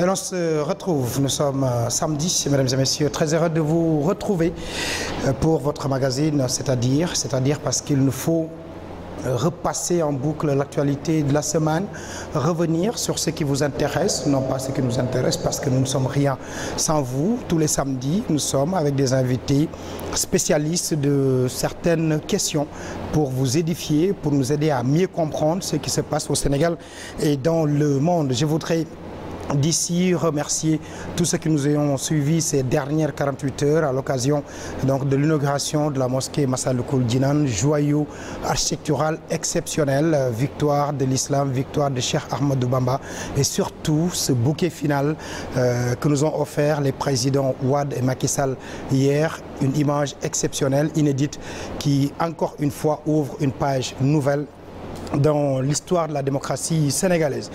Et on se retrouve, nous sommes euh, samedi, mesdames et messieurs, très heureux de vous retrouver euh, pour votre magazine, c'est-à-dire, c'est-à-dire parce qu'il nous faut repasser en boucle l'actualité de la semaine, revenir sur ce qui vous intéresse, non pas ce qui nous intéresse parce que nous ne sommes rien sans vous. Tous les samedis, nous sommes avec des invités spécialistes de certaines questions pour vous édifier, pour nous aider à mieux comprendre ce qui se passe au Sénégal et dans le monde. Je voudrais d'ici remercier tous ceux qui nous ont suivis ces dernières 48 heures de l'inauguration de la mosquée Massalikul Jinan, joyau architectural exceptionnel, euh, victoire de l'islam, victoire de Cheikh Ahmadou Bamba et surtout ce bouquet final euh, que nous ont offert les présidents Wade et Macky Sall hier, une fois ouvre une page nouvelle dans l'histoire de la démocratie sénégalaise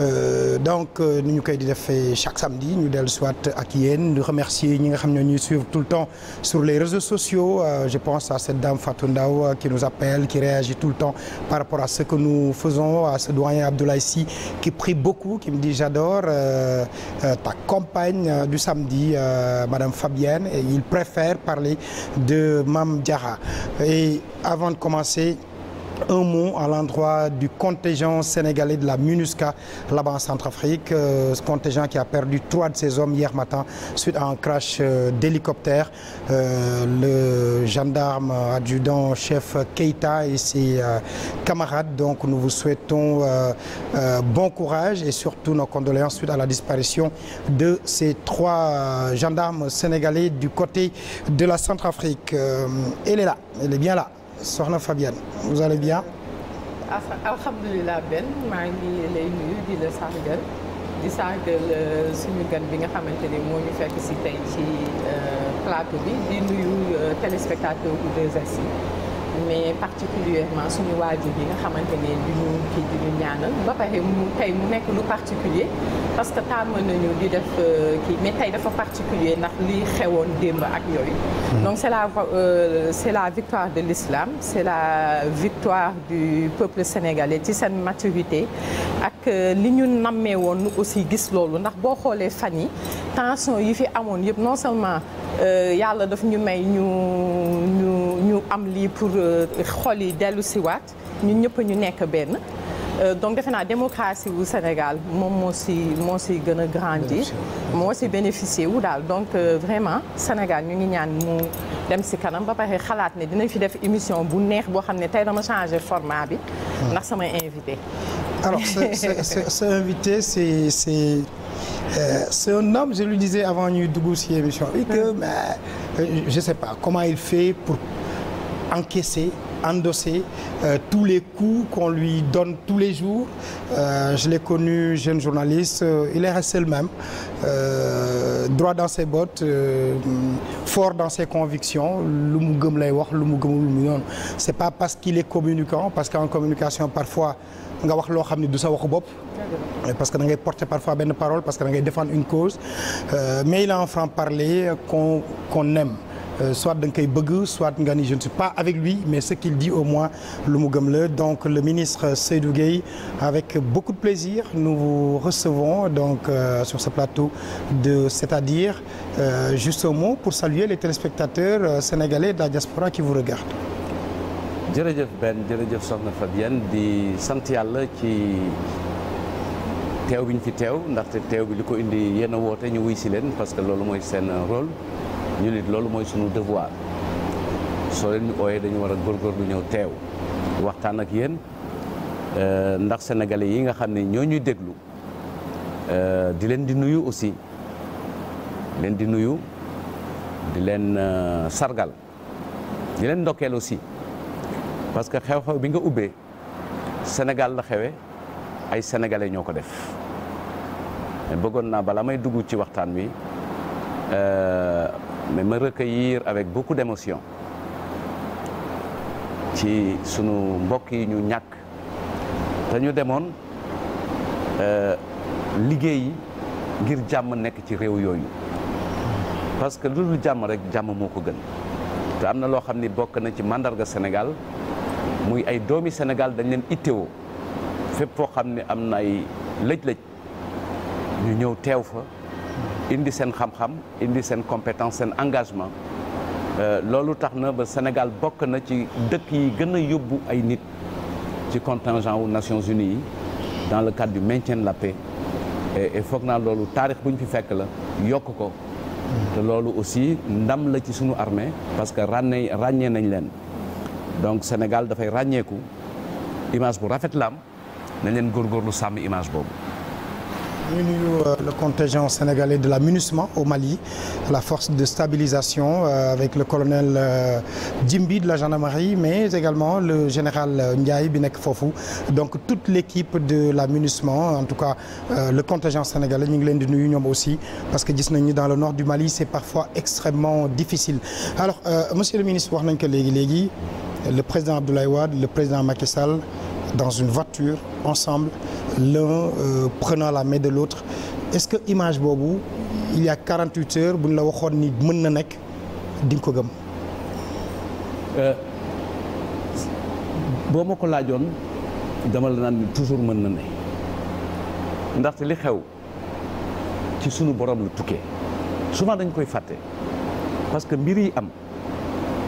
euh, donc euh, ni ñu koy di defee chaque samedi ñu dellu soit ak yéen di remercier ñi nga xam ne ñuy suivre tout le temps sur les réseaux sociaux euh, je pense à cette dame Fatou Ndaw euh, qui nous appelle qui réagit tout le temps par rapport à ce que nous faisons à ce doyen Abdoulaye Sy qui prie beaucoup qui me dit j'adore euh, euh ta compagne du samedi madame Fabienne et il préfère parler de Mame Diarra et avant de commencer un mot à l'endroit du contingent sénégalais de la MINUSCA là-bas en Centrafrique, euh, ce contingent qui a perdu trois de ses hommes hier matin suite à un crash euh, d'hélicoptère. Euh, le gendarme adjudant chef Keita et ses euh, camarades, donc nous vous souhaitons euh, euh, bon courage et surtout nos condoléances suite à la disparition de ces trois gendarmes sénégalais du côté de la Centrafrique. elle est là, elle est bien là. soxna Fabienne vous allez bien. alhamdulillah Ben maa ngi lay nuyu di la sargal di sargal euh, suñu gan bi nga xamante ni moo ñu fekk si tey ci euh, plateau bi di nuyu euh, téléspectateur bu 2STV. mais particulièrement suñu waajur yi nga xamante ne du ñu kii di ñu ñaanal ba pare mu nekk lu particulier parce que tàmm nañu di def euh, kii mais tey dafa particulier ndax li xewoon démb ak yooyu hmm. donc c'est la euh, c'est la victoire de l'islam c'est la victoire du peuple sénégalais ci seen maturité ak euh, li ñu nammee woon aussi gis loolu ndax boo xoolee fan yi tension yi fi amoon yëpp non seulement Euh, yàlla daf ñu may ñu ñu ñu am lii pour euh, xol yi dellu siwaat ñun ñëpp ñu nekk benn euh, donc defe naa démocratie wu Sénégal moom moo si moo si gën a grandir moo si bénéficier wu daal donc vraiment Sénégal ñu ngi ñaan mu dem si kanam ba pare xalaat ne dinañ fi def émission bu neex boo xam ne tey dama changé format bi ah. ndax samay invité alors ce, ce, invité c'est Euh, c'est un homme, je lui disais avant ñuy dugg ci émission bi que hmm. euh, je sais pas comment il fait pour encaisser endosser euh, tous les coups qu'on lui donne tous les jours euh, je l'ai connu jeune journaliste euh, il est resté le même euh, droit dans ses bottes fort dans ses convictions lu mu gëm lay wax lu mu gëmul lu mu noonu c'est pas parce qu'il est communicant parce qu'en communication parfois nga wax loo xam ne du sa waxu bopp. parce que da ngay porter parfois benn parole parce que da ngay défendre une cause euh, mais il a un franc parler qu'on aime. Euh, soit da nga koy bëgg soit nga ni je ne pas avec lui mais ce qu'il dit au moins lu mu gëm la donc le ministre Seydou Gueye avec beaucoup de plaisir nous recevons donc euh, sur ce plateau de c'est-à-dire euh, juste un mot pour saluer les téléspectateurs euh, sénégalais de la diaspora qui vous regardent jërëjëf benn jërëjëf soxna Fabienne di sant yàlla ci teew bi ñu fi teew ndaxte teew bi li ko indi yenn woote ñu wuy si leen parce que loolu mooy seen role ñu nit loolu mooy sunu devoir soo leen ñu ooyee dañu war a góorgóorlu ñëw teew waxtaan ak yéen euh, ndax sénégalais yi nga xam ne ñoo ñuy déglu euh, di leen di nuyu aussi leen di nuyu di leen euh, sargal di leen ndokkeel aussi parce que xew-xew bi nga ubbee Sénégal la xewee ay sénégalais ñoo ko def mais bëggoon naa bala may dugg ci waxtaan wi euh, mais ma recueillir avec beaucoup d'émotion ci sunu mbokk yi ñu ñàkk te ñu demoon euh, liggéey ngir jàmm nekk ci réew yooyu parce que lu dul jàmm rek jàmm moo ko gën te am na loo xam ni bokk nañ ci màndarga Sénégal muy ay doomi Sénégal dañ leen ittewoo fépp foo xam ne am na ay lëj-lëj ñu ñëw teew fa indi seen xam-xam indi seen compétence seen engagement euh, loolu tax na ba Sénégal bokk na ci dëkk yi gën a yóbbu ay nit ci contingent wu Nations Unies yi dans le cadre du maintien de la paix et foog naa loolu taarix buñ fi fekk la yokk ko te loolu aussi ndam la ci suñu armee parce que ràññee nañ leen donc Sénégal dafay ràññeeku image bu rafet la am nañ góorgóorlu sàmm image boobu. ñu nuyu euh, le contingent sénégalais de la MINUSMA au Mali la force de stabilisation euh, avec le colonel euh, Djimbi de la gendarmerie mais également le général Ndiaye bi nekk foofu donc toute l'équipe de la MINUSMA en tout cas le contingent sénégalais ñu ngi leen di nuyu ñoom aussi parce que gis nañu dans le nord du Mali c'est parfois extrêmement difficile alors monsieur le ministre wax nañ ko léegi léegi. le président Abdoulaye Wade, le président Macky Sall, dans une voiture, ensemble, l'un euh, prenant la main de l'autre. Est-ce que image boobu il y a heures bu ñu la waxoon ni mën na nekk di nga ko gëm. Euh, boo ma ko laajoon dama la naan ni toujours mën na ne ndaxte li xew ci sunu borom la tukkee souvent dañ koy fàtte parce que mbir yi am.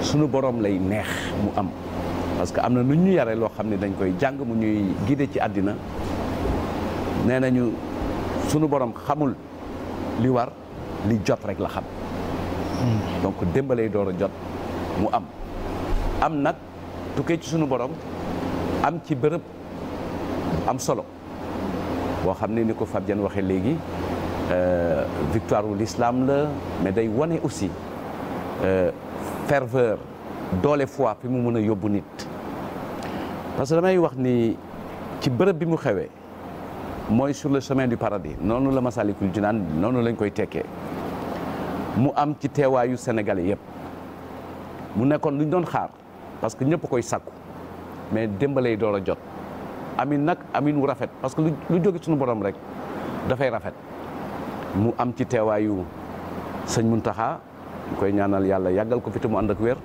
sunu borom lay neex mu am parce que am na nu ñu yare loo xam ne dañ koy jàng mu ñuy gide ci àddina nee nañu sunu borom xamul li war li jot rek la xam donc démb lay door a jot mu am am nag tukkee ci sunu borom am ci bërëb am solo boo xam ne ni ko Fabien waxee léegi euh, victoire wu l'islam la mais day wane aussi euh, ferveur doole fois fi mu mën a yóbbu nit parce que damay wax nii ci bërëb bi mu xewee mooy sur le chemin du paradis noonu la Masalikul Jinaan noonu lañ koy tekkee mu am ci teewaayu sénégalais yëpp mu nekkoon luñ doon xaar parce que ñëpp koy sakku mais démbalay door a jot amin nag amin wu rafet parce que lu jóge suñu borom rek dafay rafet mu am ci teewaayu sëñ Muntaxa koy ñaanal yàlla yàggal ko fi te mu ànd ak wér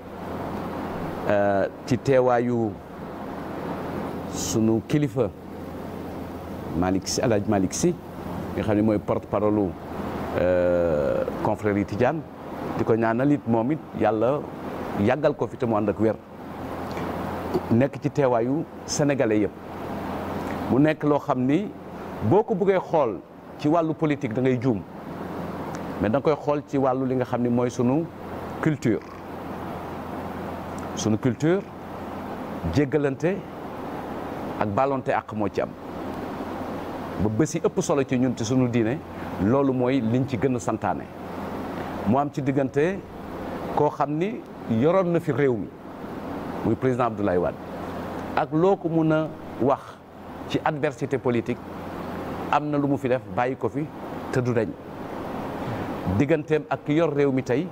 euh, ci teewaayu sunu kilifa Malick Sy Alaaji Malick Sy ne mooy porte parole euh, confrérie Tidiane di ko ñaanal it moom it yàlla yàggal ko fi te mu ànd ak wér nekk ci teewaayu sénégalais yëpp mu nekk loo xam ni boo ko bëggee xool ci wàllu politique da ngay juum. mais da koy xool ci wàllu li nga xam ni mooy sunu culture sunu culture jéggalante ak ballonte ak moo ci am ba bés yi ëpp solo ci ñun ci sunu diine loolu mooy liñ ci gën a santaane mu am ci diggante koo xam ni yoroon na fi réew mi muy président Abdoulaye Wade ak loo ko mun a wax ci adversité politique am na lu mu fi def bàyyi ko fi te du dañ digganteem ak yor réew mi tey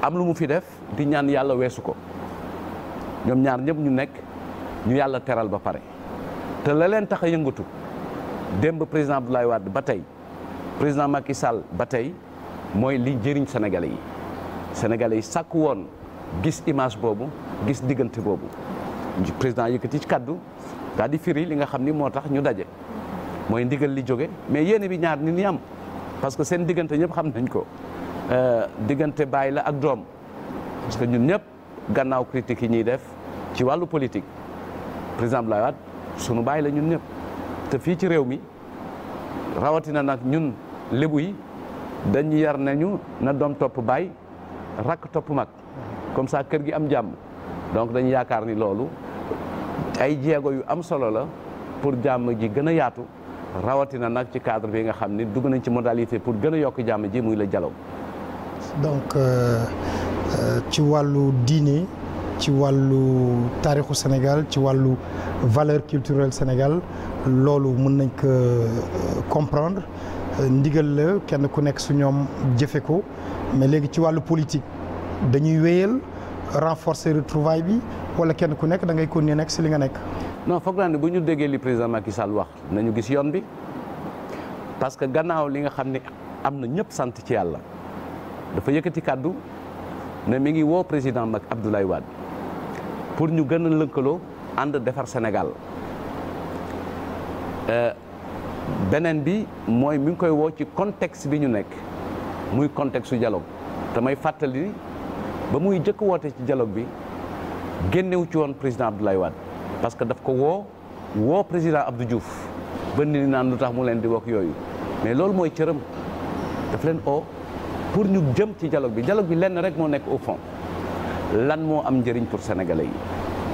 am lu mu fi def di ñaan yàlla weesu ko ñoom ñaar ñëpp ñu nekk ñu yàlla teral ba pare te la leen tax a yëngatu démb président bu lay Wade ba tey président Macky Sall ba tey mooy li jëriñ sénégale yi sénégalais yi sàkku woon gis image boobu gis diggante boobu président yëkkati ci kaddu daal di firi li nga xam ni moo tax ñu daje mooy ndigal li jóge mais yéene bi ñaar nit ñi am parce que seen diggante ñëpp xam nañ ko euh, diggante bàyyi la ak doom parce que ñun ñëpp gannaaw critique yi ñuy def ci wàllu politique président Abdoulaye Wade sunu bàyyi la ñun ñëpp te fii ci réew mi rawatina nag ñun lébu yi dañu yar nañu na doom topp baay rakk topp mag comme ça kër gi am jàmm donc dañu yaakaar ni loolu ay jéego yu am solo la pour jàmm ji gën a yaatu rawatina nag ci cadre bi nga xam ni dugg nañ ci modalité pour gën a yokk jàmm ji muy la dialogue. donc euh, euh, ci wàllu diine ci wàllu taarixu Sénégal ci wàllu valeur culturelle Sénégal loolu mën nañ ko euh, comprendre ndigal la kenn ku nekk su ñoom jëfe ko mais léegi ci wàllu politique dañuy wéyal renforcer retrouvaille bi wala kenn ku nekk da ngay continuer nekk si li nga nekk. non foog naa ne bu ñu déggee li président Macky Sall wax nañu gis yoon bi parce que gannaaw li nga xam ne am na ñëpp sant ci yàlla dafa yëkkati kàddu ne mi ngi woo président Macky Abdoulaye Wade pour ñu gën a lëkkaloo ànd defar Sénégal euh, beneen bi mooy mi ngi koy woo ci contexte bi ñu nekk muy contexte su dialogue te may fàttali ba muy jëkk woote ci dialogue bi génnewu ci woon président Abdoulaye Wade parce que daf ko woo woo président Abdou Diouf ba ni naan lu tax mu leen di wax yooyu mais loolu mooy cëram daf leen oo pour ñu jëm ci dialogue bi dialogue bi lenn rek moo nekk au fond lan moo am njëriñ pour sénégalais yi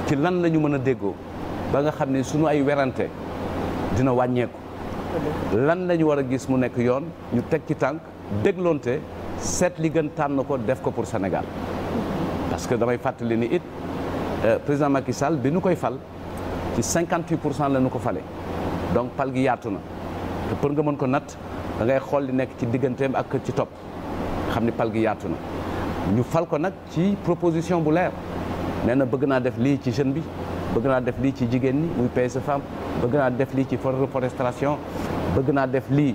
ci lan la ñu mën a déggoo ba nga xam ne suñu ay werante dina wàññeeku lan lañu war a gis mu nekk yoon ñu teg ci tànk dégloonte seet li gën tànn ko def ko pour Sénégal parce que damay fàttali ni it Euh, président Macky Sall bi nu koy fal ci 58 pour cent la nu ko fale donc pal yaatu na pour nga mën ko nat da xool li nekk ci digganteem ak ci topp xam ni pal yaatu na ñu fal ko nag ci proposition bu leer nee na bëgg naa def lii ci jeune bi bëgg naa def lii ci jigéen ñi muy PSE bëgg naa def lii ci reforestation bëgg naa def lii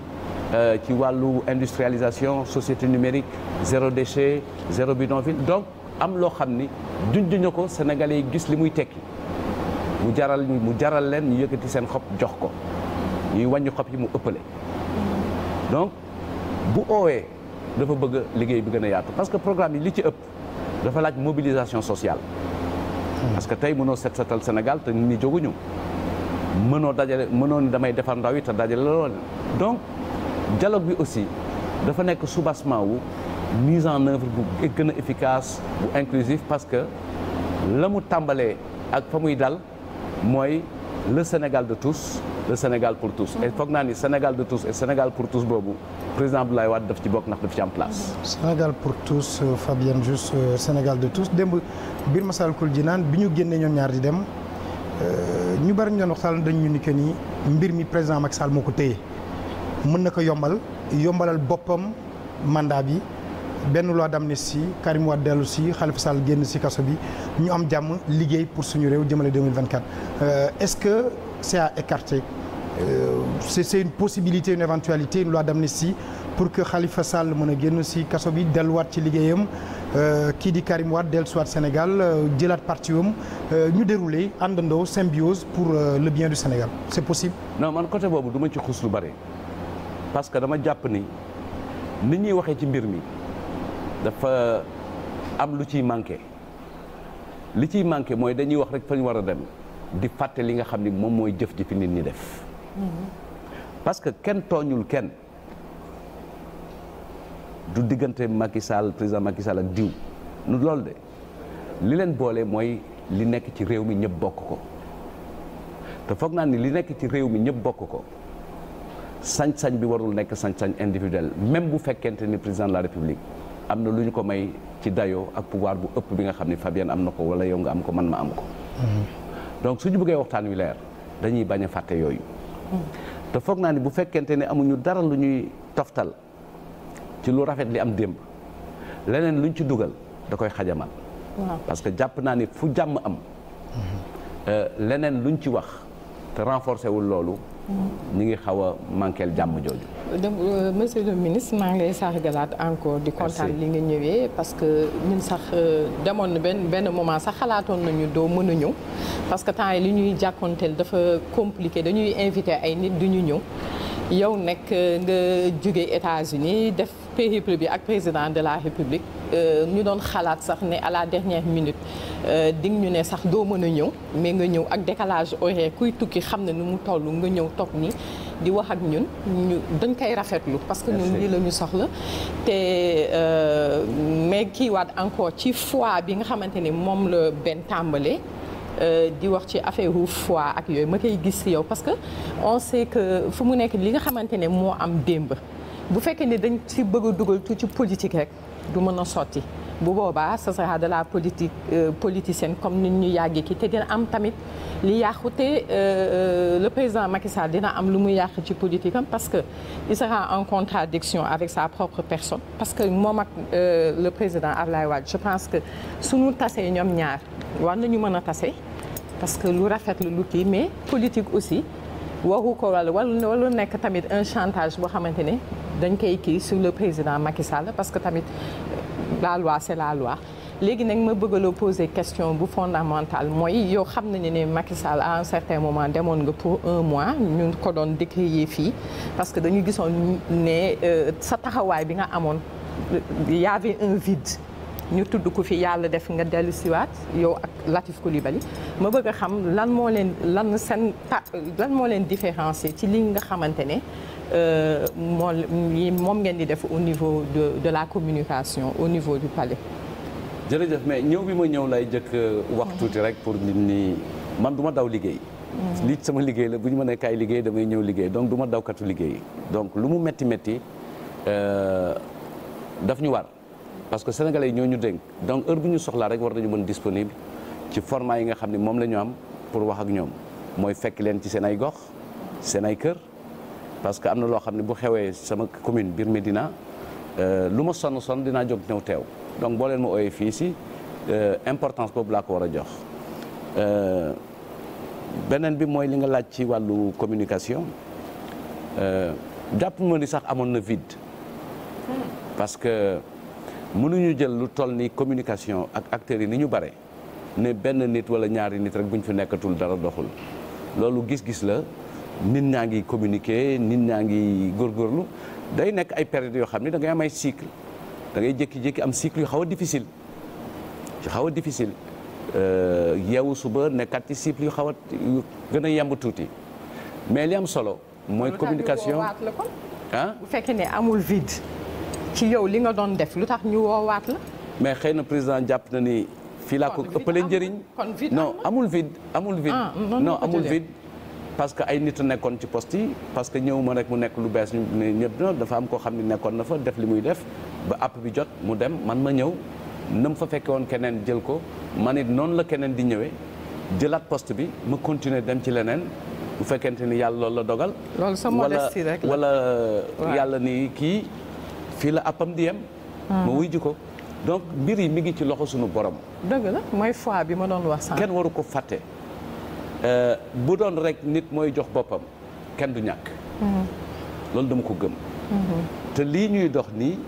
euh, ci wàllu industrialisation société numérique zéro déchet zéro bidonville donc am loo xam ni junj na ko sénégalais yi gis li muy tekki mu jaral mu jaral leen ñu yëkkati seen xob jox ko ñuy wàññi xob yi mu ëppale donc bu oowee dafa bëgg liggéey bi gën a yaatu parce que programme yi li ci ëpp dafa laaj mobilisation sociale parce que tey mënoo set setal Sénégal te nit ñi mënoo dajale mënoon damay defar ndaw yi te dajale lool donc dialogue bi aussi dafa nekk soubassement wu mise en œuvre bu gën a efficace bu inclusif parce que la mu tàmbalee ak fa muy dal mooy le Sénégal de tous le Sénégal pour tous et foog naa ni Sénégal de tous et Sénégal pour tous boobu président Abdoulaye Wade daf ci bokk ndax daf ci en place. Sénégal pour tous euh, Fabienne Just euh, Sénégal de tous démb biir Massalikul naan bi ñu génnee ñoom ñaar di dem euh, ñu bari ñu doon waxtaan dañ ñu que ni mbir mi président Macky Sall moo ko téye mën na ko yombal yombalal boppam mandat bi. benn loi d'amnistie Karim Wade dellu si Khalifa Sall génn si kaso bi ñu am jàmm liggéey pour suñu réew jëmale 2024 euh, est-ce que c'est à écarter euh, c'est c'est une possibilité une éventualité une loi d'amnistie pour que xalifa Sall mën a génn si kaso bi delluwaat ci liggéeyam euh, kii di Karim Wade dellusiwaat Sénégal jëlaat partiwam ñu dérouler àndandoo symbiose pour le bien du Sénégal c'est possible. non man côté boobu du ma ci xus lu bare parce que dama jàpp ni ni ñuy waxee ci mbir mi. dafa am lu ciy manqué li ciy manqué mooy dañuy wax rek fa war a dem di fàtte li nga xam ni moom mooy jëf ji fi nit ñi def mm-hmm. parce que kenn tooñul kenn du diggante Macky Sall président Macky Sall ak diw nu loolu de li leen boolee mooy li nekk ci réew mi ñëpp bokk ko te foog naa ni li nekk ci réew mi ñëpp bokk ko sañ-sañ bi warul nekk sañ-sañ individuel même bu fekkente ni président de la république am na lu ñu ko may ci dayoo ak pouvoir bu ëpp bi nga xam ne Fabienne am na ko wala yow nga am ko man ma am ko. Mhm. donc suñu buggee waxtaan wi leer dañuy bañ a fàtte yooyu. Mhm. te foog naa ni bu fekkente ne amuñu dara lu ñuy toftal ci lu rafet li am démb leneen luñ ci dugal da koy xajamal. parce que jàpp naa ni fu jàmm am. Mhm. Euh, leneen luñ ci wax te renforcé wul loolu. ñu ngi xaw a manqueel jàmm jooju. Euh, monsieur de ministre maa ngi lay sargalaat encore di kontaan li nga ñëwee parce que mun sax euh, demoon na benn benn moment sax xalaatoon nañu doo mën a ñëw parce que temps yi li ñuy jàkkoonteel dafa compliqué dañuy invité ay nit du ñu ñëw yow nekk euh, nga jóge États-Unis def. périple bi ak président de la république euh, ñu doon xalaat sax ne à la dernière minute euh, di ñu ne sax doo mën a ñëw mais nga ñëw ak décalage horaire kuy tukki xam ne ni mu toll nga ñëw toog nii di wax ak ñun ñu dañ koy rafetlu parce que ñun lii lañu ñu la te euh, mais kiiwaat encore ci fois bi nga xamante ni moom la benn tàmbale di wax ci affaire wu fois ak yooyu ma koy gis si yow parce que on sait que fu mu nekk li nga xamante ne moo am démb bu fekkee ne dañ si bëgg a dugal tuuti ci politique rek du mën a sotti bu boobaa ce sera de la politique euh, politicienne comme ni ñu yàggee ki te dina am tamit li yàqu te euh, euh, le président Macky Sall dina am lu mu yàq ci politique am parce que il sera en contradiction avec sa propre personne parce que moom ak le président Ablaye Wade je pense que suñu tasee ñoom ñaar war ñu mën a tase parce que lu rafet lu kii mais politique aussi waru ko wala wala nekk tamit un chantage boo xamante ne dañ koy kii sur le président Macky Sall parce que tamit la loi c'est la loi léegi nag ma bëgg loo poser question bu fondamentale mooy yow xam nañu ne Macky Sall à un certain moment demoon nga pour un mois ñu ko doon décrier fii parce que dañu gisoon ne euh, sa taxawaay bi nga amoon y avait un vide ñu tudd ko fi yàlla def nga dellu siwaat yow ak Latif Coulibaly ma bëgg a xam lan moo leen lan seen pa lan moo leen différencier ci li nga xamante ne euh, moom moom ngeen di def au niveau de de la communication au niveau du palais. jërëjëf mais ñëw bi ma ñëw lay jëkk euh, wax mm-hmm. tuuti rek pour nit ñi man du ma daw liggéey. li mm-hmm. sama liggéey la bu ñu ma nee kaay liggéey damay ñëw liggéey donc duma ma dawkatu liggéey donc lu mu metti metti euh, daf ñu war. parce que sénégalais yi ñoo ñu dénk donc heure bu ñu soxlaa rek war nañu mën disponible ci format yi nga xam ne moom lañu am pour wax ak ñoom mooy fekk leen ci seen ay gox seen ay kër parce que am na loo xam ne bu xewee sama commune biir Médina euh, lu ma sonn sonn dinaa jóg ñëw teew donc boo leen ma ooyee fii si euh, importance boobu laa ko war a jox euh, beneen bi mooy li nga laaj ci wàllu communication jàpp ma ni sax amoon na vide hmm. parce que mënuñu jël lu toll ni communication ak acteurs yi ni ñu bare ne benn nit wala ñaari nit rek bu ñu fi nekkatul dara doxul loolu gis-gis la nit ñaa ngi communiquer nit ñaa ngi góorgóorlu day nekk ay période yoo xam ne da ngay am ay cycle da ngay jékki am cycle yu xaw a difficile yu xaw a difficile euh, yeewu suba nekkaat ci cycle yu xaw a yu gën a yemb tuuti mais li am solo mooy communication bu fekkee ne amul vid ci yow li nga doon def lu tax ñu woowaat la. mais xëy na président jàpp na ni. fii laa ko ëppale njëriñ non amul vide amul vide ah, non amul vide parce que ay nit a nekkoon ci poste yi parce que ñëw ma rek mu nekk lu bees ñu ne ñëpp na dafa am koo xam ne nekkoon na fa def li muy def ba app bi jot mu dem man ma ñëw nam fa fekke woon keneen jël ko man it noonu la keneen di ñëwee jëlaat post bi ma continuer dem ci leneen bu fekkente ni yàlla lool la dogal wala wala yàlla kii fii la appam di yem hmm. ma wuy ko donc mbir yi mi ngi ci loxo sunu borom dëgg la mooy foi bi ma doon wax sax kenn waru ko fàtte euh, bu doon rek nit mooy jox boppam kenn du ñàkk hmm. loolu dama ko gëm hmm. te lii ñuy dox nii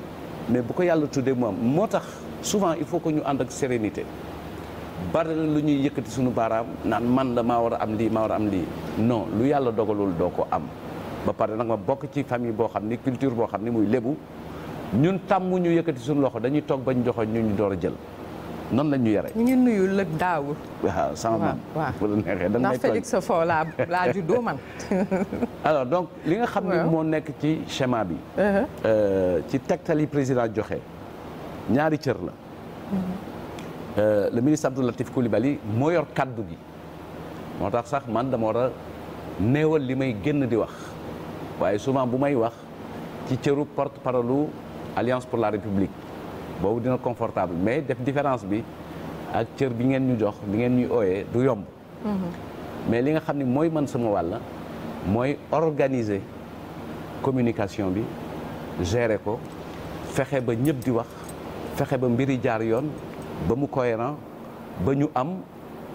mais bu ko yàlla tuddee moom moo tax souvent il faut ko ñu ànd ak sérénité bari na lu ñuy yëkkati suñu baaraam naan man la maa war a am lii maa war a am lii non lu yàlla dogalul doo ko am ba pare nag ma bokk ci famille boo xam ni culture boo xam ni muy lébu ñun tàmm ñu yëkkati suñu loxo dañuy toog bañ joxoñ ñu door a jël noonu la ñu yore. ñu ngi nuyu lëg daaw. waaw sama maam waaw bu la neexee dañ may laa laa man. alors donc li nga xam ne moo nekk ci schéma bi. Uh-huh. Euh, ci tegtal président joxe ñaari cër la. Uh-huh. Euh, le ministre Abdou Latif Coulibaly moo yor kàddu gi moo tax sax man dama war néewal li may génn di wax waaye souvent bu may wax ci cëru porte-parole alliance pour la république boobu dina confortable mais def différence bi ak cër bi ngeen ñu jox bi ngeen ñuy ooyee du yomb mm-hmm. mais li nga xam ne mooy man sama wàll mooy organiser communication bi gérer ko fexe ba ñëpp di wax fexe ba mbiri jaar yoon ba mu cohérent ba ñu am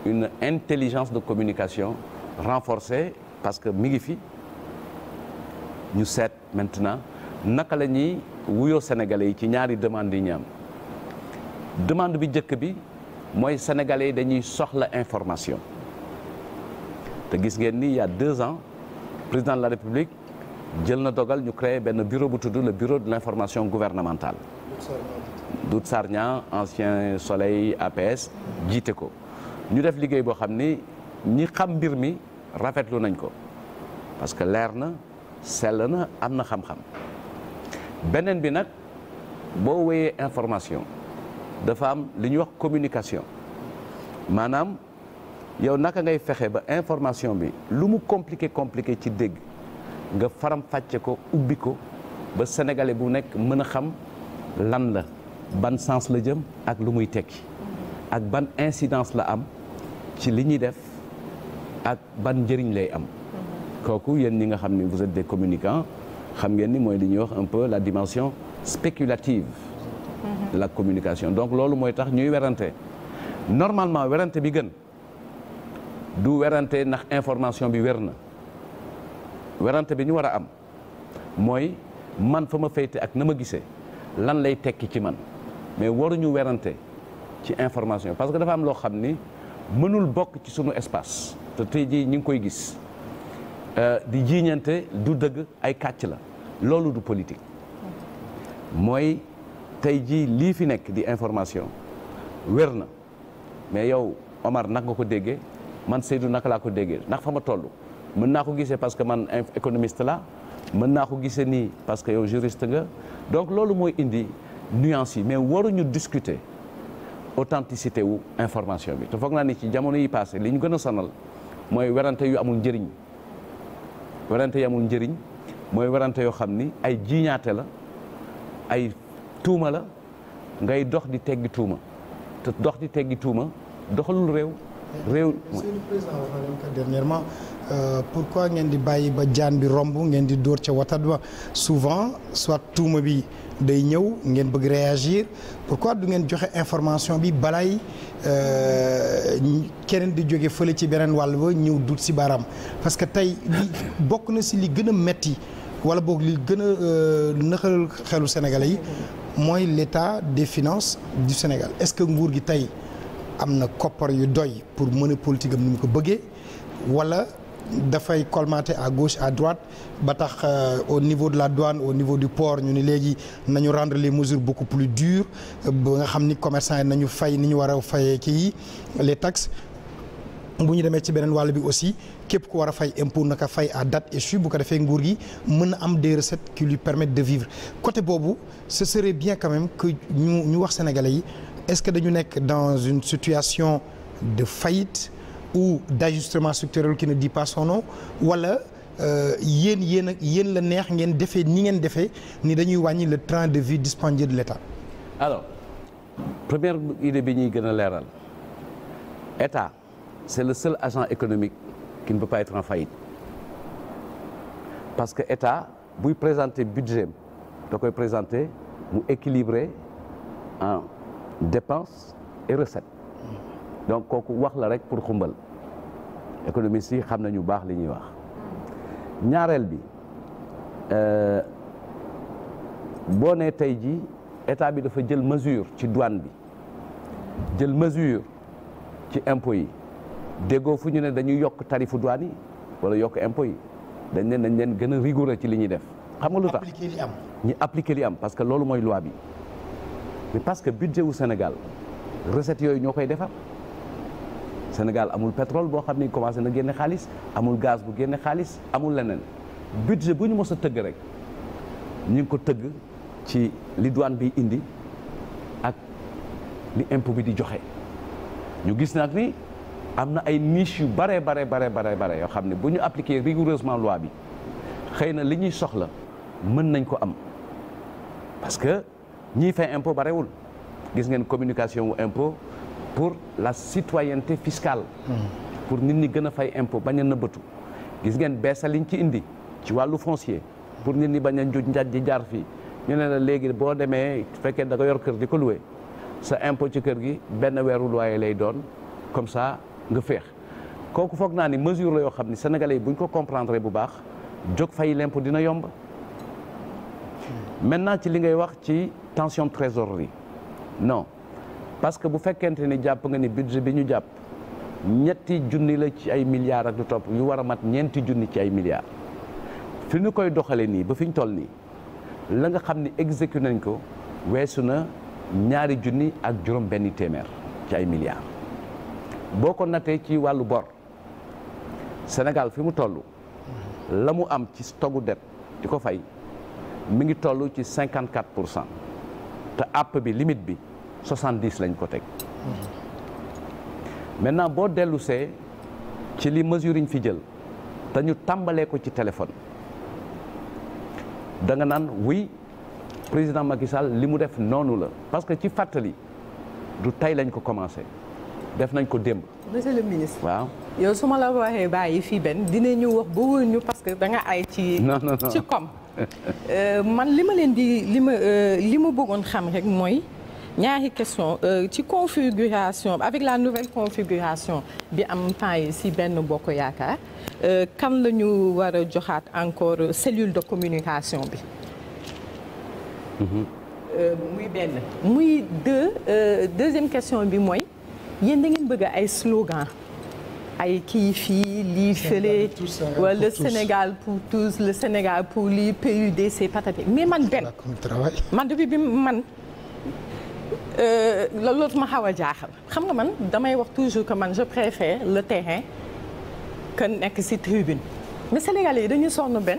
une intelligence de communication renforcée parce que mi ngi fi ñu seet maintenant naka la ñuy wuyoo sénégalais yi ci ñaari demande yi ñu am demande bi njëkk bi mooy sénégalais yi dañuy soxla information te gis ngeen ni il y deux ans président de la république jël na dogal ñu créer benn bureau bu tudd le bureau de l' information gouvernementale Dout Sarnia ancien soleil APS jiite ko ñu def liggéey boo xam ni ñi xam mbir mi rafetlu nañ ko parce que leer na sell na am na xam-xam beneen bi nag boo wéyee information dafa am li ñuy wax communication maanaam yow naka ngay fexe ba information bi lu mu compliqué compliqué ci dégg nga faram fàcce ko ubbi ko ba sénégalais bu nekk mën a xam lan la ban sens la jëm ak lu muy tekki ak ban incidence la am ci li ñuy def ak ban njëriñ lay am mm-hmm. kooku yéen ñi nga xam ni vous êtes des communicants xam ngeen ni mooy li ñuy wax un peu la dimension spéculative de mm-hmm. la communication donc loolu mooy tax ñuy werante normalement werante bi gën du werante ndax information bi wér na werante bi ñu war a am mooy man fa ma féete ak na ma gisee lan lay tekki ci man mais waruñu werante ci information parce que dafa am loo xam ni mënul bokk ci sunu espace te tey jii ñu ngi koy gis Euh, di jiiñante du dëgg ay kàcc la loolu du politique mooy tey jii lii fi nekk di information wér na mais yow Omar naka nga ko déggee man Seydou naka laa ko déggee ndax fa ma toll mën naa ko gisee parce que man économiste la mën naa ko gisee nii parce que yow juriste nga donc loolu mooy indi nuance yi mais waruñu discuter authenticité wu information bi te foog naa ni ci jamono yi passé li ñu gën a sonal mooy werante yu amul njëriñ werante yi amul njëriñ mooy warante yoo xam ni ay jiiñaate la ay tuuma la ngay dox di teggi tuuma dox di teggi tuuma doxalul réew. réew monsieur le président euh, pourquoi ngeen di bàyyi ba jaan bi romb ngeen di door ca watat ba souvent soit tuuma bi. day ñëw ngeen bëgg réagir pourquoi du ngeen joxe information bi balay euh, keneen di jóge fële ci beneen wàll ba ñëw dut si baaraam parce que tey bokk na si li gën a metti wala boog li gën a euh, nëxal xelu Sénégalais yi mooy l'état des finances du Sénégal est-ce que nguur gi tey am na koppar yu doy pour mën a politique am ni mu ko bëggee wala dafay colmater à gauche à droite ba tax euh, au niveau de la douane au niveau du port ñu ni léegi nañu rendre les mesures beaucoup plus dures ba nga xam ni commerçant yi nañu fay ni ñu war a fayee kii les taxes bu ñu demee ci beneen wàll bi aussi képp ko war a fay impôt naka fay à date échue bu ko defee nguur gi mën a am de recettes qui lui permettent de vivre côté boobu ce serait bien quand même que ñu ñu wax sénégalais yi est-ce que dañu nekk dans une situation de faillite ou d'ajustement structurel ki ne dit pas son nom wala euh, yéen yéen ak yéen la neex ngeen defee ni ngeen defee ni dañuy wàññi le train de vie dispendieux de l'État alo première idée bi ñuy gën a leeral État c'est le seul agent économique qui ne peut pas parce que État buy présenter budget da koy présenter mu équilibré en dépenses et recettes donc kooku wax la rek pour xumbal économistes yi xam nañu baax li ñuy wax ñaareel bi euh, boo nee tey jii état bi dafa jël mesure ci douane bi jël mesure ci impôts yi déggoo fu ñu ne dañuy yokk tarifu douane yi wala yokk impôts yi dañ leen dañ leen gën a rigoure ci li ñuy def. xam nga lu tax ñu appliquer li am parce que loolu mooy loi bi mais parce que budget wu Sénégal recettes yooyu ñoo koy defar. Sénégal amul pétrole boo xam ni commencé na génne xaalis amul gaz bu génne xaalis amul leneen budget bu ñu mos tëgg rek ñu ngi ko tëgg ci li douane bi indi ak li impôt bi di joxe ñu gis nag ni am na ay niche yu bare bare bare bare bare yoo xam ne bu ñu appliquer rigoureusement loi bi xëy na li ñuy soxla mën nañ ko am parce que ñii fay impo barewul gis ngeen communication wu impôt pour la citoyenneté fiscale. pour nit ñi gën a fay impôt bañ a nëbbatu. gis ngeen sa liñ ci indi ci wàllu foncier pour nit ñi bañ a njuj njaaj ji jaar fii ñu ne la léegi boo demee fekkee da nga yor kër di ko loué sa impôt ci kër gi benn weeru loyer lay doon comme ça nga feex kooku foog naa ni mesure la yoo xam ni sénégalais yi buñ ko comprendre bu baax jóg fay l'impôt dina yomb. maintenant ci li ngay wax ci tension trésorerie non. parce que bu fekkente ni jàpp nga ni budget bi ñu jàpp ñetti junni la ci ay milliards ak du topp yu war a mat ñeenti junni ci ay milliards fi nu koy doxalee nii ba fi ñu toll nii la nga xam ni exécuté nañ ko weesu na ñaari junni ak juróom benni téeméer ci ay milliards boo ko nattee ci wàllu bor Sénégal fi mu toll la mu am ci stogu det di ko fay mu ngi toll ci 54 pour cent te app bi limite bi 70 lañ ko teg maintenant boo dellusee ci li mesure yiñ fi jël te ñu tàmbalee ko ci téléphone da nga naan oui président Macky li mu def noonu la parce que ci fàttali du tey lañ ko commencé def nañ ko démb. monsieur le ministre. waaw yow su ma la waxee bàyyi fii benn dina dinañu wax ba ñu parce que da nga ay ci. non non euh, man li ma leen di li ma euh, li ma bëggoon xam rek mooy. ñaari question euh, ci configuration avec la nouvelle configuration bi am temps yi si benn bokk yaakaar euh, kan la ñu war a joxaat encore cellule de communication bi. Mhm. Euh, muy benn. muy deux deuxième question bi mooy yéen da ngeen bëgg ay slogan ay kii fii lii fële. le Sénégal pour tous le Sénégal pour lii PUDC patati mais man benn. man depuis bi man. Euh, loolu ma xaw a jaaxal xam nga man damay wax toujours que man je préfère le terrain que nekk ci tribune mais Sénégalais yi dañu sonn benn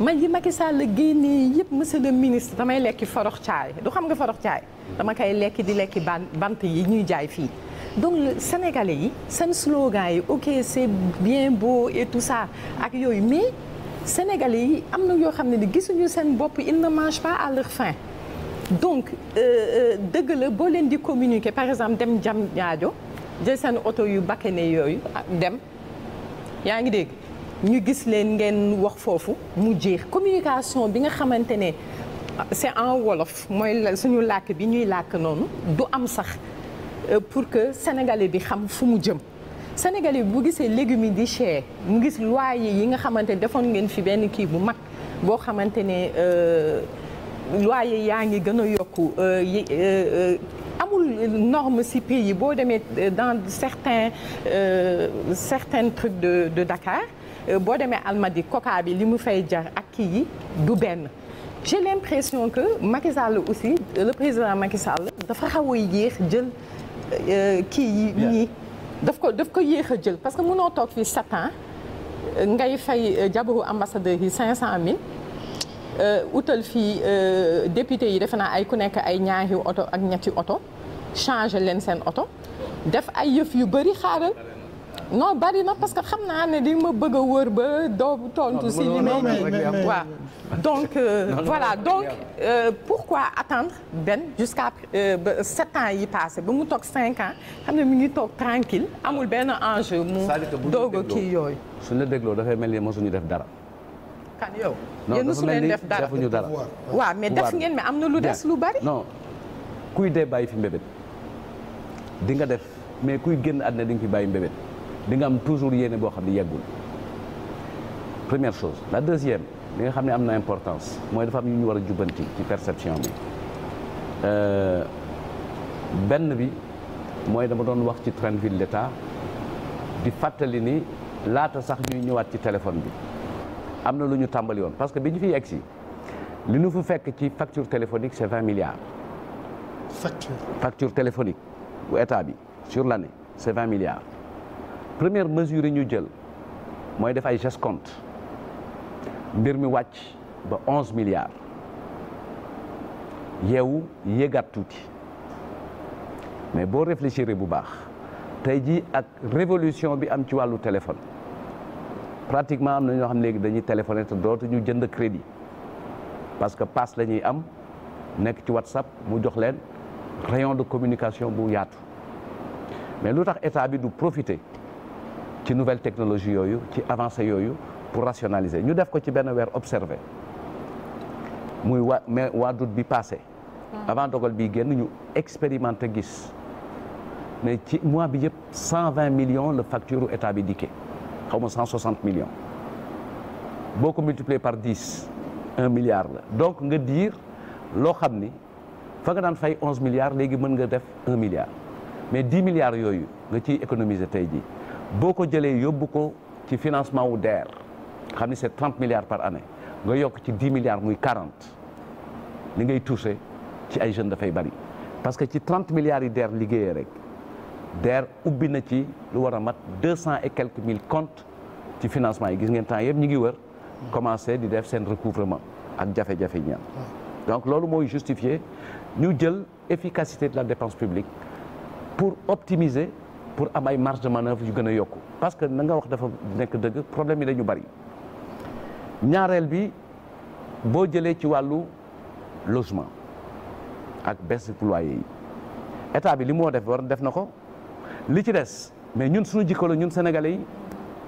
man yi Macky Sall la génnee yëpp monsieur le ministre damay lekki forox du xam nga forox caay dama koy lekki di lekki bant yi ñuy jaay fii donc Sénégalais yi seen slogan yi ok c'est bien beau et tout ça ak yooyu mais Sénégalais yi am na yoo xam ne ni gisuñu seen bopp ils ne mangent pas à leur faim donc euh, euh, dëgg la boo leen di communiquer par exemple dem jam ñaajo jël seen oto yu bakkane yooyu ah, dem yaa ngi dégg ñu gis leen ngeen wax foofu mu jeex communication bi nga xamante ne c'est en wolof mooy la suñu làkk bi ñuy làkk noonu du am sax euh, pour que sénégalais bi xam fu mu jëm sénégalais bi bu gisee légumes yi di cher mu gis loyer yi nga xamante ne defoon ngeen fi benn kii bu mag boo xamante ne loyer yaa ngi gën a yokku euh, euh, euh, amul norme ci pays yi boo demee dans certains euh, certains trucs de de Dakar boo demee Almadies coca bi li mu fay jar ak kii yi du benn. j'ai l'impression que Macky Sall aussi le président Macky dafa xaw a yéex jël kii yi nii daf ko daf ko yéex a jël parce que mënoo toog fi sept ans ngay fay jabaru ambassadeur yi cinq cent mille Euh, utal fii euh, député yi defe naa ay ku nekk ay ñaari oto ak ñetti oto changé leen seen oto def ay yëf yu bëri xaaral non bari na parce que xam naa ne di ma bëgg a wër ba doo tontu si li may nii waaw donc euh, voilà donc pourquoi attendre benn jusqu'à ba sept ans yi passé ba mu toog cinq ans xam ne mi ngi toog tranquille amul benn enjeu mu doog a kii yooyu suñ la dégloo dafay mel ni mosuñu def dara kan yow. yéen mosu leen def dara defuñu waa waaw mais def ngeen mais am na lu des lu bari. non kuy dee bàyyi fi mbébét di nga def mais kuy génn àddina di nga fi bàyyi mbébét di nga am toujours yéene boo xam ne yeggul première chose la deuxième li nga xam ne am na importance mooy dafa am yu ñu war a jubbanti ci perception bi euh, benn bi mooy dama doon wax ci train ville d'État di fàttali ni laata sax ñuy ñëwaat ci téléphone bi. am na lu ñu tàmbali woon parce que bi ñu fi egg si li ñu fu fekk ci facture téléphonique c'est vingt milliards. facture facture téléphonique bu état bi sur l'année c'est vingt milliards. première mesure ñu jël mooy def ay gescompte mbir mi wàcc ba onze milliards yeewu yéegaat tuuti mais boo réfléchir bu baax tey jii ak révolution bi am ci wàllu téléphone. pratiquement am na ñoo xam ne léegi dañuy téléphoné te dootuñu jënd crédit parce que pass la ñuy am nekk ci whatsapp mu jox leen rayon de communication bu yaatu mais lu tax état bi du profiter ci nouvelle technologie yooyu ci avancé yooyu pour rationaliser ñu def ko ci benn weer observé muy waa mais waa dut bi passé hmm. avant dogal bi génn ñu expérimenté gis mais ci mois bi yëpp cent vingt millions la facture état bi di dikkee xaw ma 160 millions boo ko multiplier par 10 1 milliard la donc nga diir loo xam ni fa nga daan fay 11 milliards léegi mën nga def 1 milliard mais 10 milliards yooyu nga ciy économiser tey jii boo ko jëlee yóbbu ko ci financement wu DER xam ni c'est 30 milliards par année nga yokk ci 10 milliards muy 40 li ngay touché ci ay jeunes dafay bari parce que ci 30 yi DER liggéeyee rek. DER ubbi na ci lu war a mat deux cent et quelques mille ci financement yi gis ngeen temps yëpp ñu ngi wër commencé di def seen recouvrement ak jafe-jafe yi donc loolu mooy justifier ñu jël efficacité de la dépense publique pour optimiser pour am ay marge de manœuvre yu gën a yokku parce que na nga wax dafa nekk dëgg problème yi dañu bari ñaareel bi boo jëlee ci wàllu logement ak baisse loyer yi état bi li moo def war def na ko li ci des mais ñun suñu jikko la ñun sénégalais yi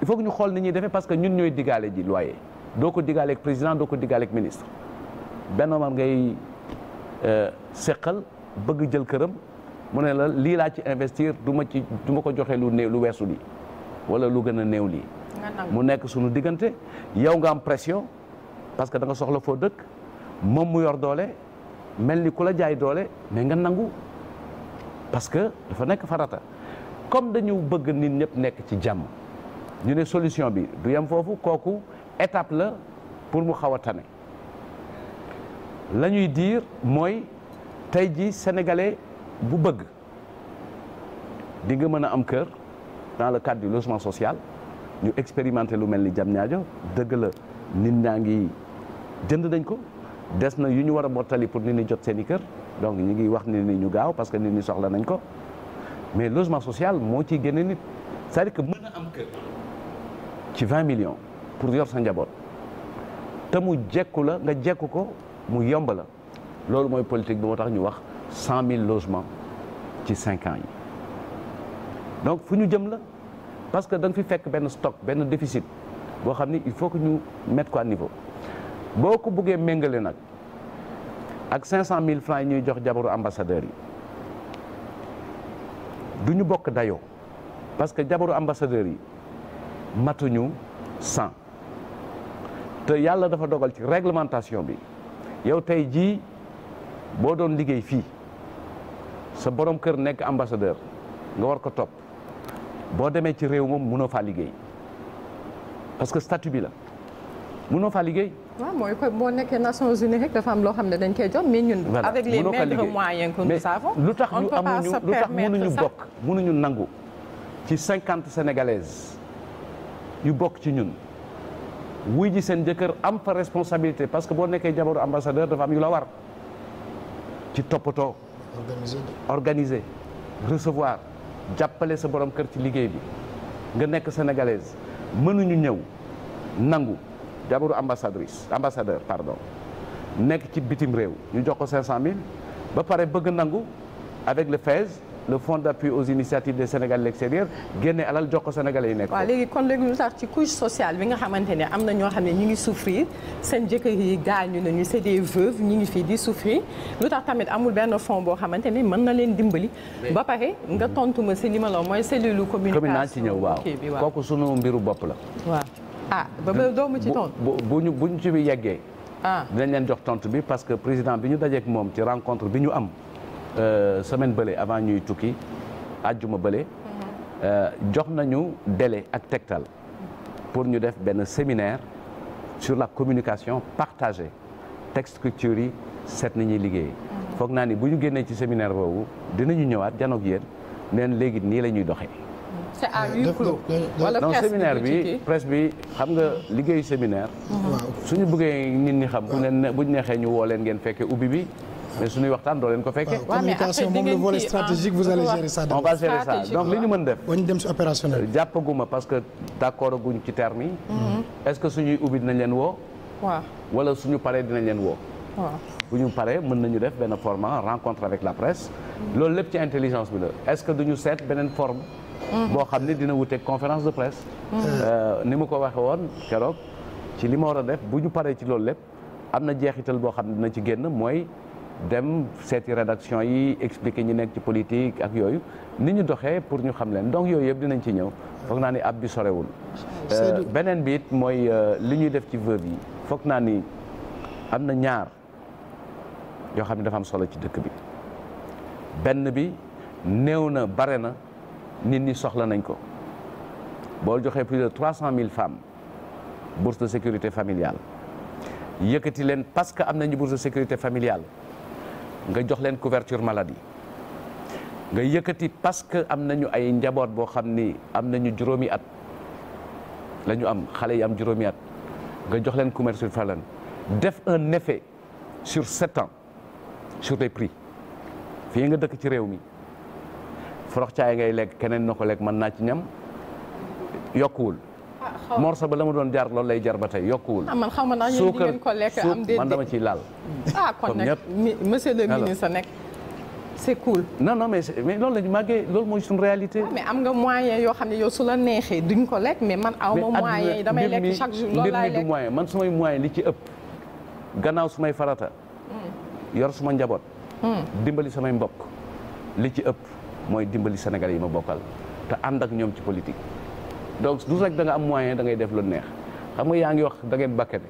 il faut ñu xool ni ñuy defee parce que ñun ñooy digaale ji loyer doo ko digaale président doo ko digaale ak ministre benn man ngay euh, seqal bëgg jël këram mu ne la lii laa ci investir du ma ci du ma ko joxe lu néew lu weesu lii wala lu gën a néew lii. mu nekk suñu diggante yow nga am pression parce que da nga soxla foo dëkk moom mu yor doole mel ni ku la jaay doole mais nga nangu parce que dafa nekk farata. comme dañu bëgg nit ñëpp nekk ci jàmm ñu ne solution bi du yem foofu kooku étape la pour mu xaw a tane la ñuy diir mooy tey ji sénégalais bu bëgg di nga mën a am kër dans le cadre du logement social ñu expérimenter lu mel ni ñaajo dëgg la nit ñaa ngi jënd nañ ko des na yu ñu war a mottali pour nit ñi jot seeni i kër donc ñu ngi wax nit ñi ñu gaaw parce que nit ñi soxla nañ ko mais logement social moo ciy génne nit cest à que mën a am kër ci 20 millions pour yor sa njaboot te mu jekku la nga jekku ko mu yomb la loolu mooy politique bi moo tax ñu wax 100000 logements ci 5 ans yi donc fu ñu jëm la parce que da fi fekk benn stock benn déficit boo xam ni il faut que ñu mettre ko à niveau boo ko buggee méngale nag ak 500000 francs yi ñuy jox jabaru ambassadeurs yi. du ñu bokk dayoo parce que jabaru ambassadeur yi matuñu cent te yàlla dafa dogal ci réglementation bi yow tey jii boo doon liggéey fii sa borom kër nekk ambassadeur nga war ko topp boo demee ci réew moom mënoo faa liggéey parce que statut bi la mënoo faa liggéey waaw mooy ko boo nekkee Nations Unies rek dafa am loo xam ne dañ koy jot mais ñun. avec les maigres moyens que nous avons. lu tax ñu amuñu lu tax mënuñu bokk mënuñu nangu ci cinquante sénégalaises yu bokk ci ñun wuy ji seen jëkkër am fa responsabilité parce que boo nekkee jabaru ambassadeur dafa am yu la war ci toppatoo. organiser organiser recevoir jàppale sa borom kër ci liggéey bi nga nekk sénégalaise mënuñu ñëw nangu. jabaru ambassadrice ambassadeur pardon nekk ci bitim réew ñu jox ko 500000 ba pare bëgg nangu avec le FAISE le fonds d'appui aux initiatives de sénégal de l'extérieur génne alal jox ko Sénégalais yi nekk. léegi kon léegi lu tax ci couche sociale bi nga xamante ne am na ñoo xam ne ñu ngi souffrir seen jëkkër yi gaañu nañu c'est des veuves ñu ngi fii di souffrir lu tax tamit amul benn fonds boo xamante ne mën na leen dimbali. ba pare nga tontu ma si li ma la mooy cellule communication. communal ci ñëw waaw kooku sunu mbiru bopp la. ah ba ba doomu bu ñu buñ ci yeggee. ah dinañ leen jox tontu bi parce que président bi ñu dajeek moom ci rencontre bi ñu am euh, semaine bële avant ñuy tukki àjjuma bële. Euh, jox nañu délai ak tegtal pour ñu def benn séminaire sur la communication partagée teg structure yi seet na ñuy liggéey mm-hmm. foog naa ni bu ñu génnee ci séminaire boobu dinañu ñëwaat janook yéen neen léegi nii la ñuy doxee. c'est à euh, wala non séminaire bi presse bi xam nga liggéeyu séminaire. suñu buggee nit ñi xam bu ne neexee ñu woo leen ngeen fekkee ubbi bi. mais suñuy waxtaan doo leen ko fekkee. waaw communication moom le volet stratégique ah, vous allez gérer ça. on va gérer ça donc li ñu mën def. dem si opérationnel. Euh, jàppaguma parce que d'accord guñ ci terme yi. Mm-hmm. est-ce que suñuy ubbi dinañ leen woo. waaw wala suñu paree dinañ leen woo. bu ñu paree mën nañu def benn format rencontre avec la presse. Mm-hmm. loolu lép ci intelligence bi la est-ce que duñu seet beneen forme. boo xam ne dina wuteeg conférence de presse. Euh, ni mu ko waxee woon keroog ci li ma war a def bu ñu paree ci loolu lépp am na jeexital boo xam ne dina ci génn mooy dem seeti rédaction yi expliquer ñu nekk ci politique ak yooyu ni ñu doxee pour ñu xam leen donc yooyu yëpp dinañ ci ñëw foog naa ni ab bi sorewul. Euh, beneen bi mooy euh, li ñuy def ci veuve yi foog naa ni am na ñaar yoo xam ne dafa am solo ci dëkk bi benn bi néew na bare na. nit ñi soxla nañ ko boo joxee plus de trois cent mille femmes bourse de sécurité familiale yëkkati leen parce que am nañu bourse de sécurité familiale nga jox leen couverture maladie nga yëkkati parce que am nañu ay njaboot boo xam ni am nañu juróomi at la ñu am xale yi am juróomi at nga jox leen couverture falan def un effet sur sept ans sur les prix fii nga dëkk ci réew mi forox caay ngay lekk keneen na ko lekk mën naa ci ñam yokkuwul. Ah, morso ba la ma doon jaar loolu lay jar ba tey yokkuwul. Ah, man xaw ma ndax ñun di ngeen lekk am déedéet man ciy laal. ma ah, kon nag monsieur le ministre nag. c' est cool. non non mais mais loolu la ñu màggee loolu mooy suñu mais am nga moyen yoo xam ne yow su la neexee duñ ko lekk mais man. aw ma moyen damay lekk chaque jour loolu laay lekk mbir mi du moyen man sumay moyen li ci ëpp. gannaaw sumay farata. Hmm. yor suma njaboot. Hmm. dimbali samay mbok li ci ëpp. mooy dimbali Sénégalais yi ma bokkal te ànd ak ñoom ci politique donc du rek da nga am moyen dangay ngay def lu neex xam nga yaa ngi wax da ngeen bakkane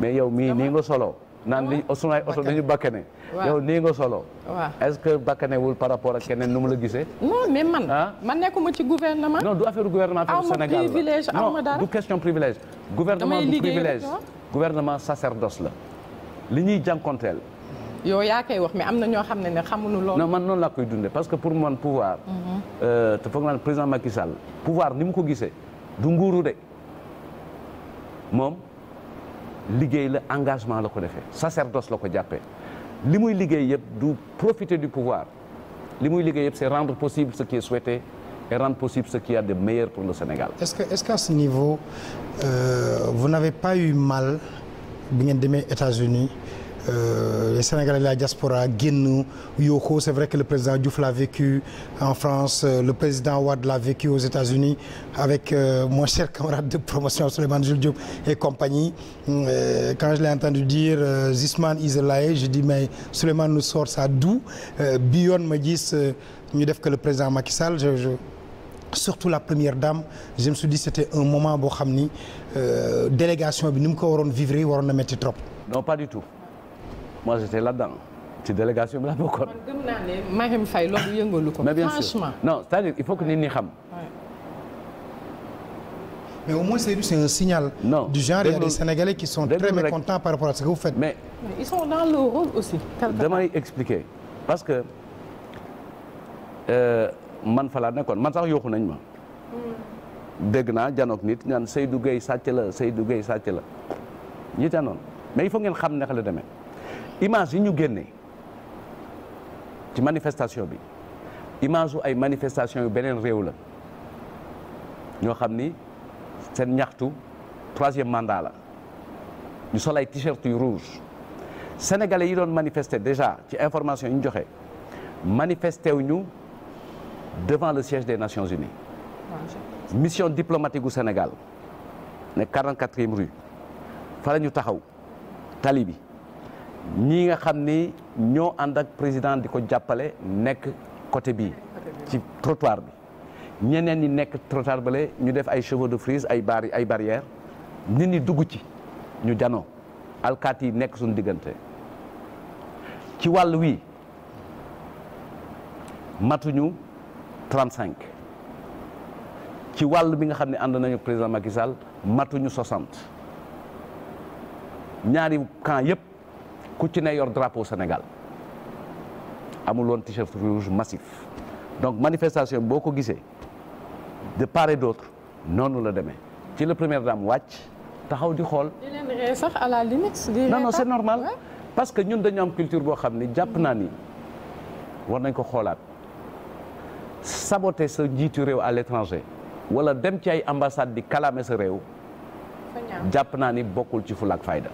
mais yow mii nii nga solo naan li sunu ay oto dañu bakkane yow nii nga solo waaw est ce que bakkane wul par rapport ak keneen nu mu la gisee non mais man ah? man nekkuma ci gouvernement non du affaire gouvernement affaire Sénégal la non du question privilège gouvernement du privilège gouvernement sacerdoce la li ñuy jànkonteel yow yaa koy wax mi am na ñoo xam ne ne xamuñu loolu. non man noonu laa koy dundee parce que pour man pouvoir. Mhm. Euh, te président Macky Sall pouvoir ni mu ko gisee du nguuru de moom liggéey la engagement la ko defee sacerdoce la ko jàppe li muy liggéey yëpp du profiter du pouvoir li muy liggéey yëpp se rendre possible ce qui est souhaité et rendre possible ce qu'il y de meilleur pour le Sénégal. est-ce que est-ce qu'à ce niveau euh, vous n'avez pas eu mal bi ngeen demee États-Unis Euh, les Sénégalais de diaspora génn yooxoo c'est vrai que le président Diouf l'a vécu en France euh, le président Wade l'a vécu aux États-Unis avec euh, mon cher camarade de promotion Souleymane Jules Diop et compagnie euh, quand je l'ai entendu dire Zisman euh, Iselaye je dis mais Souleymane nous sort ça d'où euh, bi yoon ma gis ñu def que le président Macky Sall je, surtout la première dame je me suis dit c'était un moment boo xam ni délégation bi ni mu ko waroon vivre waroon na metti trop non pas du tout moi j'étais là-dedans ci délégation bi la bokkoon. man gëm naa ne Marème Faye loolu yëngalu ko. mais bien sûr non c'est-à-dire il faut que nit ñi xam. mais au moins Seydou c'est un signal. non du genre il y a qui sont très mécontents par rapport à ce que vous faites. mais ils sont dans leur rôle aussi. damay expliquer parce que euh, man fa laa nekkoon man sax yooxu nañ ma. Hmm. dégg naa janook nit ñaan Seydou Gueye sàcc la Seydou Gueye sàcc la ñi janoon mais il faut ngeen xam ne la demee. image yi ñu génne ci manifestation bi image su ay manifestation beneen réew la ñoo xam ni seen ñaxtu troisième mandat la ñu sol ay t-shirt yu rouge sénégalais yi doon manifester déjà ci information yi ñu joxe manifester wu ñu devant le siège des Nations Unies mission diplomatique wu Sénégal ne 44e rue fa la ñu taxaw tali ñii nga xam ni ñoo ànd ak président di ko jàppale nekk côté bii ci trottoir bi ñeneen ñi nekk trottoir bale ñu def ay chevaux de frise ay bari ay barrières nit ñi dugg ci ñu janoo alkaati yi nekk suñu diggante ci wàll wi matuñu 35 ci wàll bi nga xam ne ànd nañu président Macky matuñu 60 ñaari camp yëpp. ku ci yor drapeau Sénégal amul woon t-shirt rouge massif donc manifestation boo ko gisee de part et d'autre noonu la demee ci la première dame wàcc taxaw di xool. sax à la non non c'est normal parce que ñun dañu am culture boo xam ni jàpp naa ni war nañ ko xoolaat saboter sa njiitu réew à l'étranger wala dem ci ay ambassade di kalaame sa réew. jàpp naa ni bokkul ci fulaak fayda.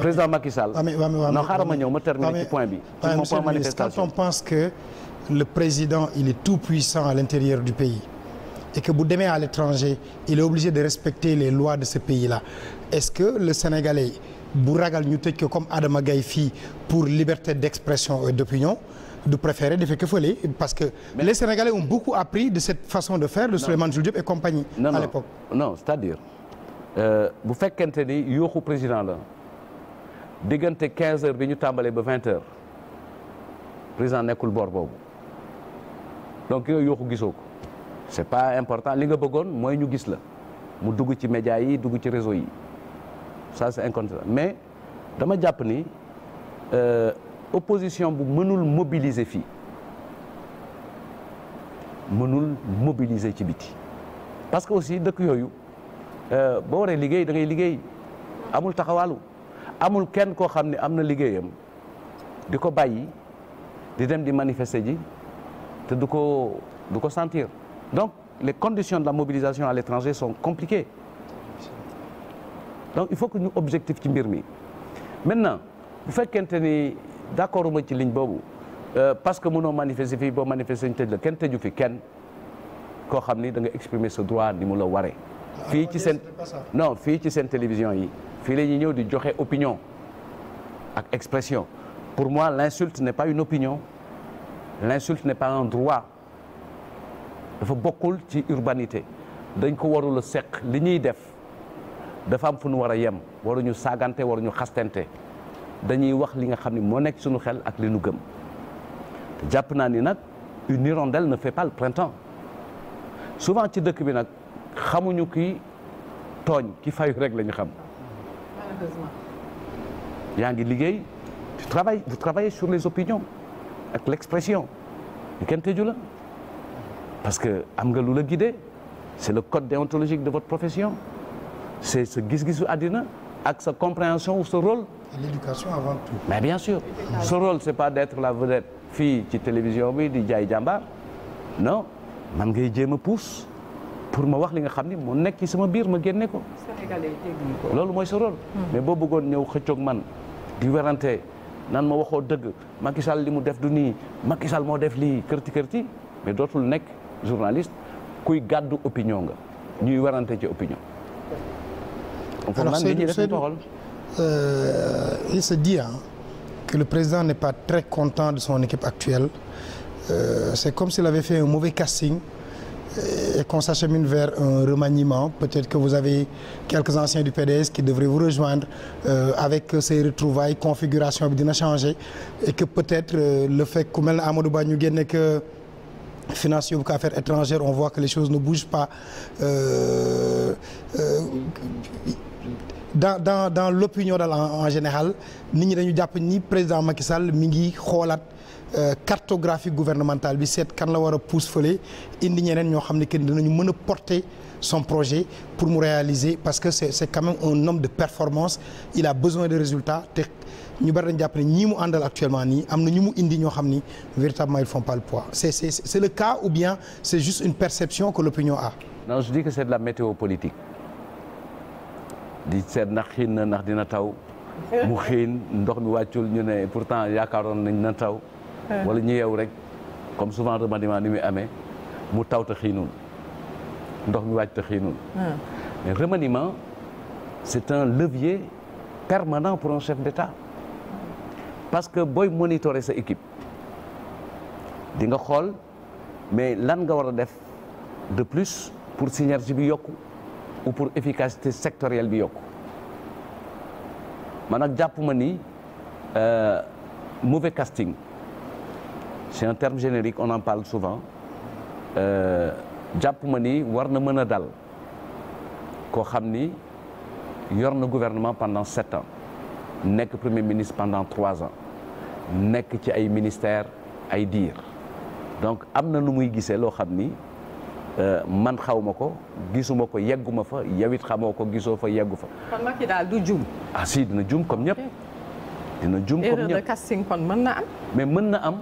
président Macky Sall. non xaaral ma ñëw ma terminer ci point bi. ci mon point manifestation quand on pense que le président il est tout puissant à l'intérieur du pays. et que bu demee à l'étranger il est obligé de respecter les lois de ce pays-là est-ce que le Sénégalais bu ragal ñu tëj ko comme Adama Gaye fii pour liberté d'expression et d'opinion du préférer defe ko fële parce que Mais... les Sénégalais ont beaucoup appris de cette façon de faire de Souleymane Jules Diop et compagnie non, à l'époque non c'est-à-dire euh, bu fekkente ni yooxu président la diggante 15 heures bi ñu tàmbalee ba 20 heures président nekkul boor boobu donc ki nga yooxu gisoo ko c'est pas important li nga bëggoon mooy ñu gis la mu dugg ci médias yi dugg ci réseau yi ça c'est incontestable mais dama jàpp ni euh, opposition bu mënul mobiliser fii mënul mobiliser ci biti parce que aussi dëkk yooyu euh, boo waree liggéey da ngay liggéey amul taxawaalu amul kenn koo xam ne am na liggéeyam di ko bàyyi di dem di manifester ji te du ko du ko sentir donc les conditions de la mobilisation à l'étranger sont compliquées donc il faut que ñu objectif ci mbir mi maintenant bu fekkente ni d'accord ma ci liñ boobu euh, parce que mënoo manifester fii boo manifester ñu tëj la kenn tëju fi kenn ko xam ni da nga exprimer ce droit ni mu la waree. Ah, fii ci seen non fii ci seen télévision yi. fii la ñuy ñëw di joxe opinion ak expression pour moi l'insulte n'est pas une opinion l'insulte n'est pas un droit dafa bokkul ci urbanité dañ ko warul a seq li ñuy def dafa am fu nu war a yem waruñu saagante waruñu xastante dañuy wax li nga xam ne moo nekk suñu xel ak li nu gëm jàpp naa ni nag une hirondelle na fait pas le printemps souvent ci dëkk bi nag xamuñu ki tooñ ki fayu rek la xam malheureusement. yaa ngi liggéey tu travailles vous travaillez sur les opinions ak l'expression ñu kenn tëju la parce que am nga lu la guidé c'est le code déontologique de votre profession c'est sa gis-gisu àddina ak sa compréhension ou sa rôle. l'éducation avant tout. mais bien sûr ce rôle c'est pas d'être la vedette fii ci télévision bi di jaay jàmbaar non man ngay jéem a pousse pour ma wax li nga xam ni moo nekk ci sama biir ma génne ko. loolu mooy sa hmm. mais boo bëggoon ñëw xëccoog man di werante naan ma waxoo dëgg Macky Sall li mu def du nii Macky Sall moo def lii kërti kërti mais dootul nekk journaliste kuy gàddu opinion ñuy werante ci opinion. alors Seydou Seydou euh, il se dit hein, que le président n'est pas très content de son équipe actuelle euh, c'est comme s'il avait fait un mauvais casting. et qu'on s'achemine vers un remaniement. Peut-être que vous avez quelques anciens du PDS qui devraient vous rejoindre euh, avec ces retrouvailles, configuration bi dina changer et que peut-être euh, le fait ku mel ne Amadou Ba ñu génne que finance yóbbu ko affaires étrangères on voit que les choses ne bougent pas euh, euh dans dans dans l'opinion daal en, en général ni ñi dañu jàpp ni président Macky Sall mi ngi xoolaat. Euh, cartographie gouvernementale bi seet kan la war a pousse fële indi ñeneen ñoo xam ne que dinañu mën a porter son projet pour mu réaliser parce que c'est c'est quand même un homme de performance il a besoin de résultat te ñu bari dañ jàpp ne ñii mu àndal actuellement nii am na ñu mu indi ñoo xam ni véritablement ils font pas le poids c'est le cas ou bien c'est juste une perception que l'opinion a. non je dis que c'est de la météo di seet ndax xiin na ndax dina taw mu xiin ndox mi wàccul ñu ne pourtant yaakaaroon nañ na taw. wala ñu yeew rek comme souvent remaniement ni muy amee mu taw te xiinul ndox mi wàcc te xiinul hmm. mais c'est un levier permanent pour un chef d'État parce que booy monitorer sa équipe di nga xool mais lan nga war a def de plus pour synergie bi yokku ou pour efficacité sectorielle bi yokku man nag jàpp ma ni euh, mauvais casting c'est un terme générique on en parle souvent euh, jàpp ma ni war na mën a dal koo xam ni yor na gouvernement pendant sept ans nekk premier ministre pendant trois ans nekk ci ay ministères ay diir donc am na nu muy gisee loo xam ni euh, man xaw ko gisuma ko yegguma fa yawit xamoo ko gisoo fa yeggu fa. kon Macky daal jum. ah si dina jum comme ñëpp. dina jum comme ñëpp mën na am.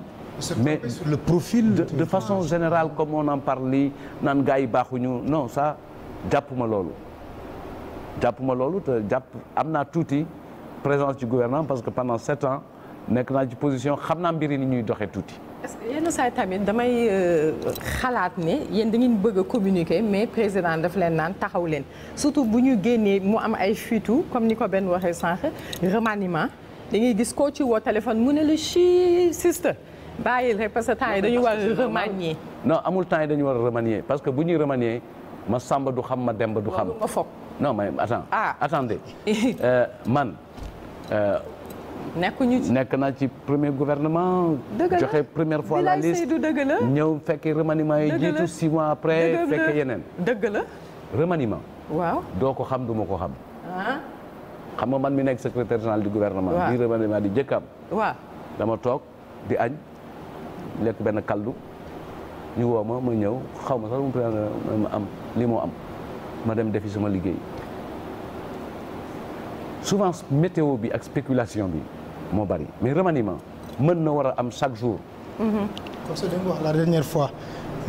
mais le profil de, de façon générale comme on en parle nii naan gars yi baaxuñu non ça jàppuma loolu jàppuma loolu te jàpp am naa tuuti présence du gouvernement parce que pendant sept ans nekk naa ci position xam naa mbiri ni ñuy doxee tuuti parce que yenn saa tamit damay euh, xalaat ne yéen da ngeen bëgg a communiquer mais président daf leen naan taxaw leen surtout bu ñu génnee mu am ay fuitu comme ni ko benn waxee sànq remaniement da ngay gis koo ci woo téléphone mu ne la chi siste bàyyil rek parce que temps yi dañu war a remanier. non amul temps yi dañu war a remanier parce que bu ñuy remanier ma samba du xam ma demba du xam. non mais attends. ah attendez euh, man. Euh, nekkuñu ci nekk naa ci premier gouvernement. joxe première fois la liste dëgg la ñëw fekkee remaniement yi jiitu six mois après fekkee yeneen. dëgg la ma waaw doo ko xam du ma ko xam. Ah. xam nga man mi nekk secrétaire général du gouvernement. waaw di remaniement di jëkkam. waaw dama toog di añ. lekk benn kaldu ñu woo ma ma ñëw xaw ma sax mu ma am lii moo am ma dem defi sama liggéey souvent météo bi ak spéculation bi moo bari mais remaniement mën na war a am chaque jour. Mm-hmm. comme ça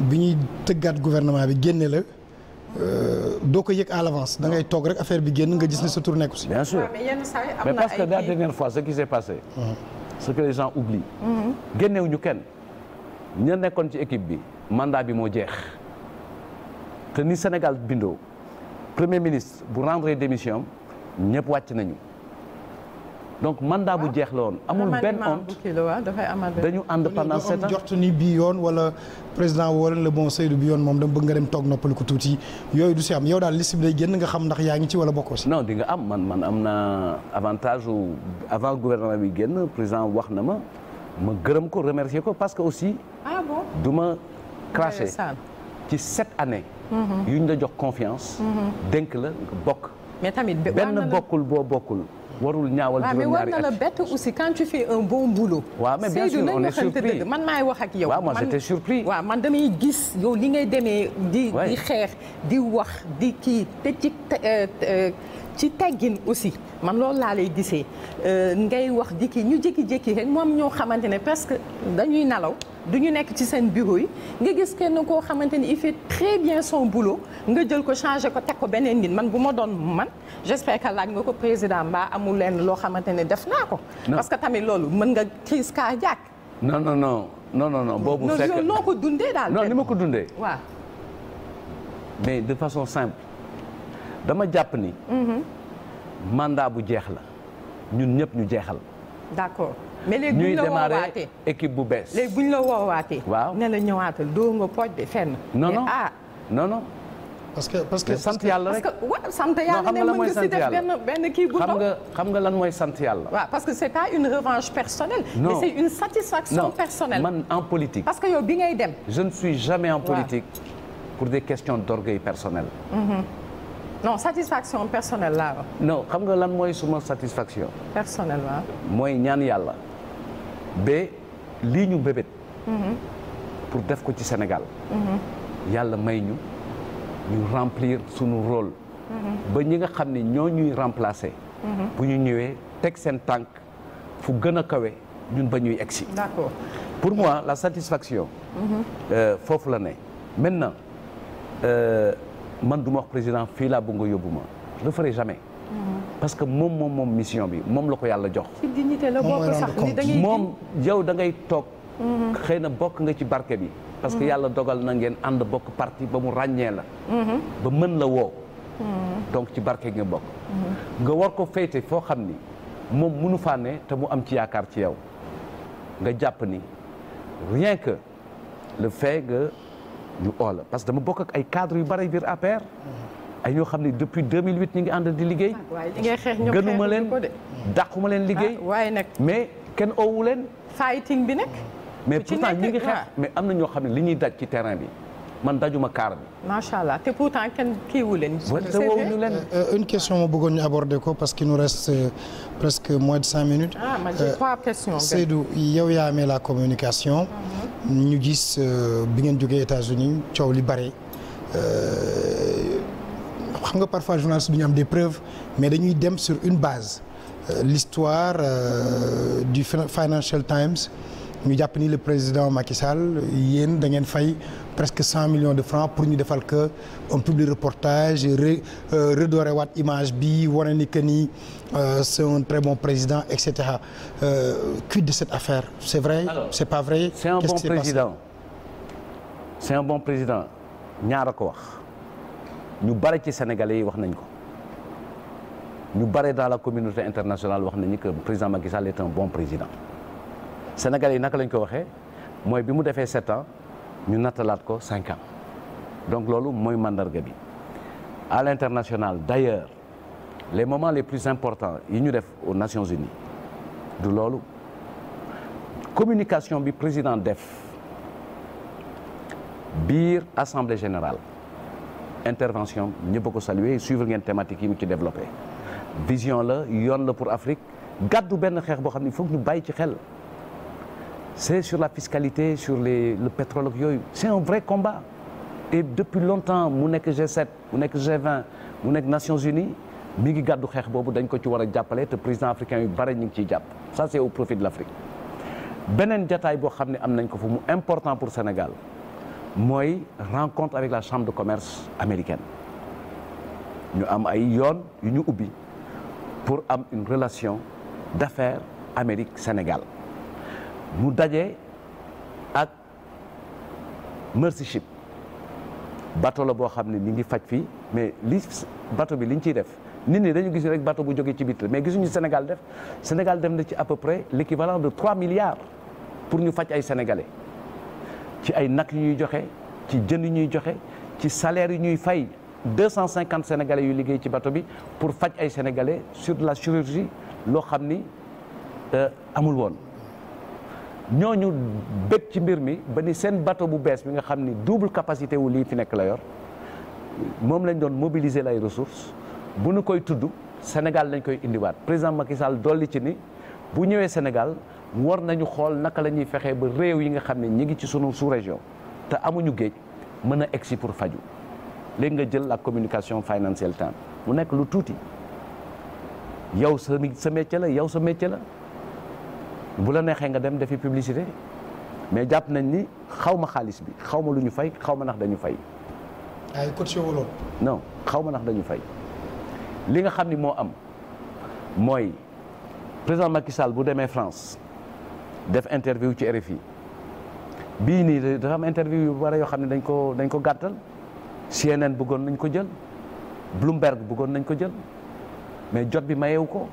bi ñuy tëggaat gouvernement bi génne euh, toog rek affaire bi génn nga gis ne nekku si. bien sûr mais parce que la dernière fois ce qui s'est passé. Mm-hmm. ce que les gens oublient. Mm-hmm. génnewuñu kenn. ña nekkoon ci équipe bi mandat bi moo jeex te ni Sénégal bindoo premier ministre bu rendre démission am ñëpp wàcc nañu donc mandat bu ah, jeex la woon. amul benn honte dañu ànd pendant sept ans. jort ni bii yoon wala président woo leen la bon Seydou bi yoon moom da bëgg nga dem toog noppalu ko tuuti yooyu du si am yow daal liste bi day génn nga xam ndax yaa ngi ci wala bokkoo si. non di nga am man man am na avantage avant gouvernement bi génn président wax na ma. ma gërëm ko remercier ko parce que aussi. ah bon du ma craché ci sept années. Mm-hmm. yuñ la jox confiance. Mm-hmm. dénk la bokk. mais tamit benn bokkul boo bokkul. warul ñaawal juróom-ñaari at mais la bett aussi quand tu fais un bon boulot. man maay wax ak yow. waaw moi j'étais surpris. man damay gis yow li ngay demee. di di xeex di wax di kii euh, euh, ci teggin aussi man loolu laa lay gisee euh, ngay wax jikki ñu jékki-jékki rek moom ñoo xamante ne presque dañuy nelaw du ñu nekk ci seen bureau yi nga gis kenn koo xamante ni il fait très bien son boulot nga jël ko changé ko teg ko beneen nit man bu ma doon man j'espère que laaj nga ko président mbaa amul leen loo xamante ne def naa ko. parce que tamit loolu mën nga crise cardiaque. non non non non non non. boobu fekk noo ko dundee daal. non ni ma ko dundee. waaw mais de façon simple. dama jàpp ni. Mhm. mandat bu jeex la ñun ñëpp ñu jeexal. d'accord mais léegi bu ñu la équipe bu bees. léegi bu ñu la woowaatee. waaw ne la ñëwaatal doo nga pooj de fenn. non non ah. non non. parce que parce que sant yàlla rek sant yàlla ne mën nga si def benn benn kii xam nga xam nga lan mooy sant yàlla. waaw parce que c'est pas une revanche personnelle. non mais c'est une satisfaction personnelle. man en politique. parce que yow bi ngay dem. je ne suis jamais en politique. Ouais. pour des questions d'orgueil personnel. mm non satisfaction personnelle laa wax. non xam nga lan mooy suma satisfaction. personnelle waaw. mooy ñaan yàlla ba lii ñu bébét. Mm-hmm. pour def ko ci Sénégal. Mm-hmm. yàlla may ñu ñu remplir sunu rôle. Mm-hmm. ba ñi nga xam ne ñoo ñuy remplacer. bu ñu ñëwee teg seen tànk fu gën a kawe ñun ba ñuy egsi. d'accord pour moi la satisfaction. Euh, foofu la ne maintenant. Euh, man du ma wax président fii laa bu nga yóbbu ma je le jamais. parce que moom moom moom mission bi moom la ko yàlla jox. ci sax ni da moom yow da ngay toog. Mhm. xëy na bokk nga ci barke bi. parce que mhm. yàlla dogal na ngeen ànd bokk parti ba mu ràññee la. Mhm. ba mën la woo. donc ci barke gi nga bokk. nga war ko féete foo xam ni moom mënu faa te mu am ci yaakaar ci yow. nga jàpp ni rien que le fait que. ñu oola parce que bokk ak ay cadre yu biir APR ay ñoo xam ne depuis 2008 ñu ngi ànd di liggéey. Ah, gënuma leen dàquma leen liggéey. Ah, waaye nag mais kenn oowu leen. fighting bi nag. mais pourtant ñu ngi xeex mais am na ñoo xam ne li ñuy daj ci terrain bi. man dajuma kaar bi. macha allah te pourtant kenn kiiwu leen. Euh, euh, une question ma bëggoon ñu aborder ko parce que nous reste euh, presque moins de cinq minutes. ah man j'ai trois questions. Seydou la communication. Mm-hmm. ñu gis bi ngeen jógee États-Unis coow li bare. xam nga parfois journaliste du ñu am des preuves mais dañuy dem sur une base. l'histoire euh, du Financial Times ñu jàpp ni le président Macky Sall yéen da ngeen fay presque cent millions de francs pour ñu defal que un public reportage euh, redoré waat image bi wane ni que ni euh, c'est un très bon président et cetera euh, quid de cette affaire c'est vrai c'est pas vrai c'est un bon président c'est un bon président ñaar a ko wax ñu bare ci sénégalais yi wax nañ ko ñu bare dans la communauté internationale wax nañu que président Macky Sall est un bon président sénégalais yi naka lañ ko waxee mooy bi mu defee sept ans ñu nattalaat ko cinq ans donc loolu mooy mandarga bi à l'international d'ailleurs les moments les plus importants yi ñu def aux Nations Unies du loolu communication bi président def biir assemblée générale intervention ñëpp ko saluer suivre ngeen thématique yi mu ci développé vision la yoon la pour Afrique gàddu benn xeex boo xam ne foog ñu bàyyi ci xel c'est sur la fiscalité sur les le pétrole ak yooyu c'est un vrai combat et depuis longtemps mu nekk G7 mu nekk G20 mu nekk Nations Unies mi ngi gàddu xeex boobu dañ ko ci war a jàppale te président africain yu bare ñu ngi ciy jàpp ça c'est au profit de l'Afrique beneen jataay boo xam ne am nañ ko fu mu important pour Sénégal mooy rencontre avec la chambre de commerce américaine ñu am ay yoon yu ñu ubbi pour am une relation d'affaires Amérique Sénégal mu daje ak Mercy Ship bato la boo xam ne mi ngi faj fii mais li bato bi liñ ciy def nit ñi dañu gis rek bato bu jógee ci bitt mais gisuñu Sénégal def Sénégal def na ci à peu près l'équivalent de 3 milliards pour ñu faj ay sénégalais ci ay nag yu ñuy joxe ci jën yu ñuy joxe ci salaire yu ñuy fay 250 sénégalais yu liggéey ci bato bi pour faj ay sénégalais sur la chirurgie loo xam ni euh, amul woon. ñooñu bëgg ci mbir mi ba ni seen bateau bu bees bi nga xam ni double capacité wu lii fi nekk la yor moom lañ doon mobiliser lay ressources bu nu koy tudd Sénégal lañ koy indiwaat président Macky Sall dolli ci ni bu ñëwee Sénégal war nañu xool naka la ñuy fexee ba réew yi nga xam ne ñu ngi ci sunu sous-région te amuñu géej mën a egsi pour faju léegi nga jël ak communication financière temps mu nekk lu tuuti yow sa sa la yow sa métier la bu la neexee nga dem defi publicité mais jàpp nañ ni xaw ma xaalis bi xaw ma lu ñu fay xaw ma ndax dañu fay. ay cotisé woloon. xaw ma ndax dañu fay li nga xam ni moo am mooy président Macky bu demee France def interview ci RFI bii nii dafa am interview yu bare yoo xam ne dañ ko dañ ko gàttal CNN buggoon nañ ko jël Bloomberg bëggoon nañ ko jël mais jot bi mayewu ko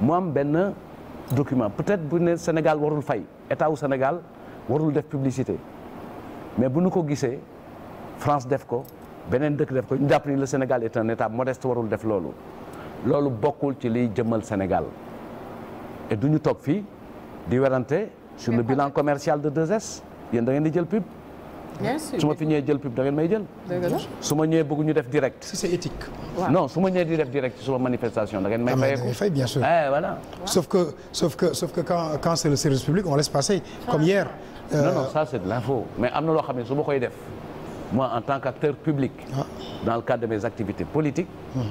mu am benn. document peut-être bu ne Sénégal warul fay état wu Sénégal warul def publicité mais bu nu ko gisee France def ko beneen dëkk def ko ñu jàpp ni le Sénégal est un état modeste warul def loolu loolu bokkul ci liy jëmmal Sénégal et du ñu toog fii di werante sur le bilan commercial de 2S yéen da ngeen di jël pub su ma fi ñëwee jël pub da ngeen may jël. su ma ñëwee bëgg ñu def direct. si c'est éthique. non su ma ñëwee di def direct sur ma manifestation da ngeen may. fayee ah, ko fay bien sûr. eh voilà. sauf que sauf que sauf quand quand le service public on laisse passer comme hier. non euh, non ça c'est de l'info mais am na loo xam ne su ma koy def moi en tant qu'acteur public. Ah. dans le cadre de mes activités politiques. Mhm.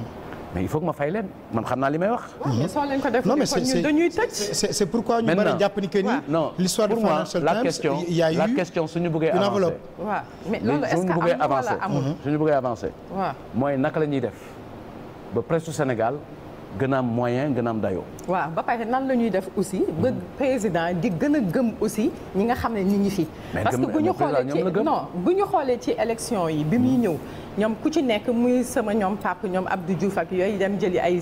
mais il faut ma fay leen man xam naa li may wax. mais soo leen ko defee kon ñun dañuy tëj. c'est pourquoi ñu bari jàpp ni que ni. non l'histoire du Financial Times la question la question suñu bëggee avancé. waaw mais loolu est-ce que am wala amul mhm. suñu mooy naka la ñuy def ba presse Sénégal gën a moyen gën a am dayoo. waaw ba pare nan la ñuy def aussi ba président di gën gëm aussi ñi nga xam ne ñu ñi fi. parce que bu ñu xoolee ci non bu ñu xoolee ci élection yi bi muy mhm. ñëw. ñoom ku ci nekk muy sama ñoom papa ñoom Abdou Diouf ak yooyu dem jëli ay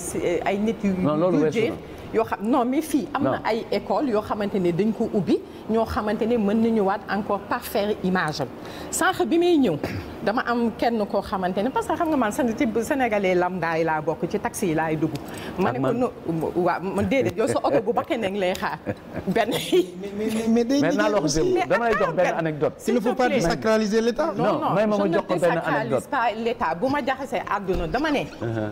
ay nit yu. non loolu weesu yoo xam non mais fii am na ay école yoo xamante ne dañ ko ubbi ñoo xamante ne mën nañu waat encore parfaire image am sànq bi may ñëw dama am kenn koo xamante ne parce que xam nga man ci sénégalais lambda yi laa bokk ci taxi yi laay dugg ah, ma ne ko no waaw man déedéet yow sa oto bu bakkee ne ngi lay xaar benn mais day naa la wax dama lay jox benn anecdote il ne faut pas désacraliser l'état non non je ne désacralise pas l'état bu ma jaxasee àdduna dama ne uh-huh.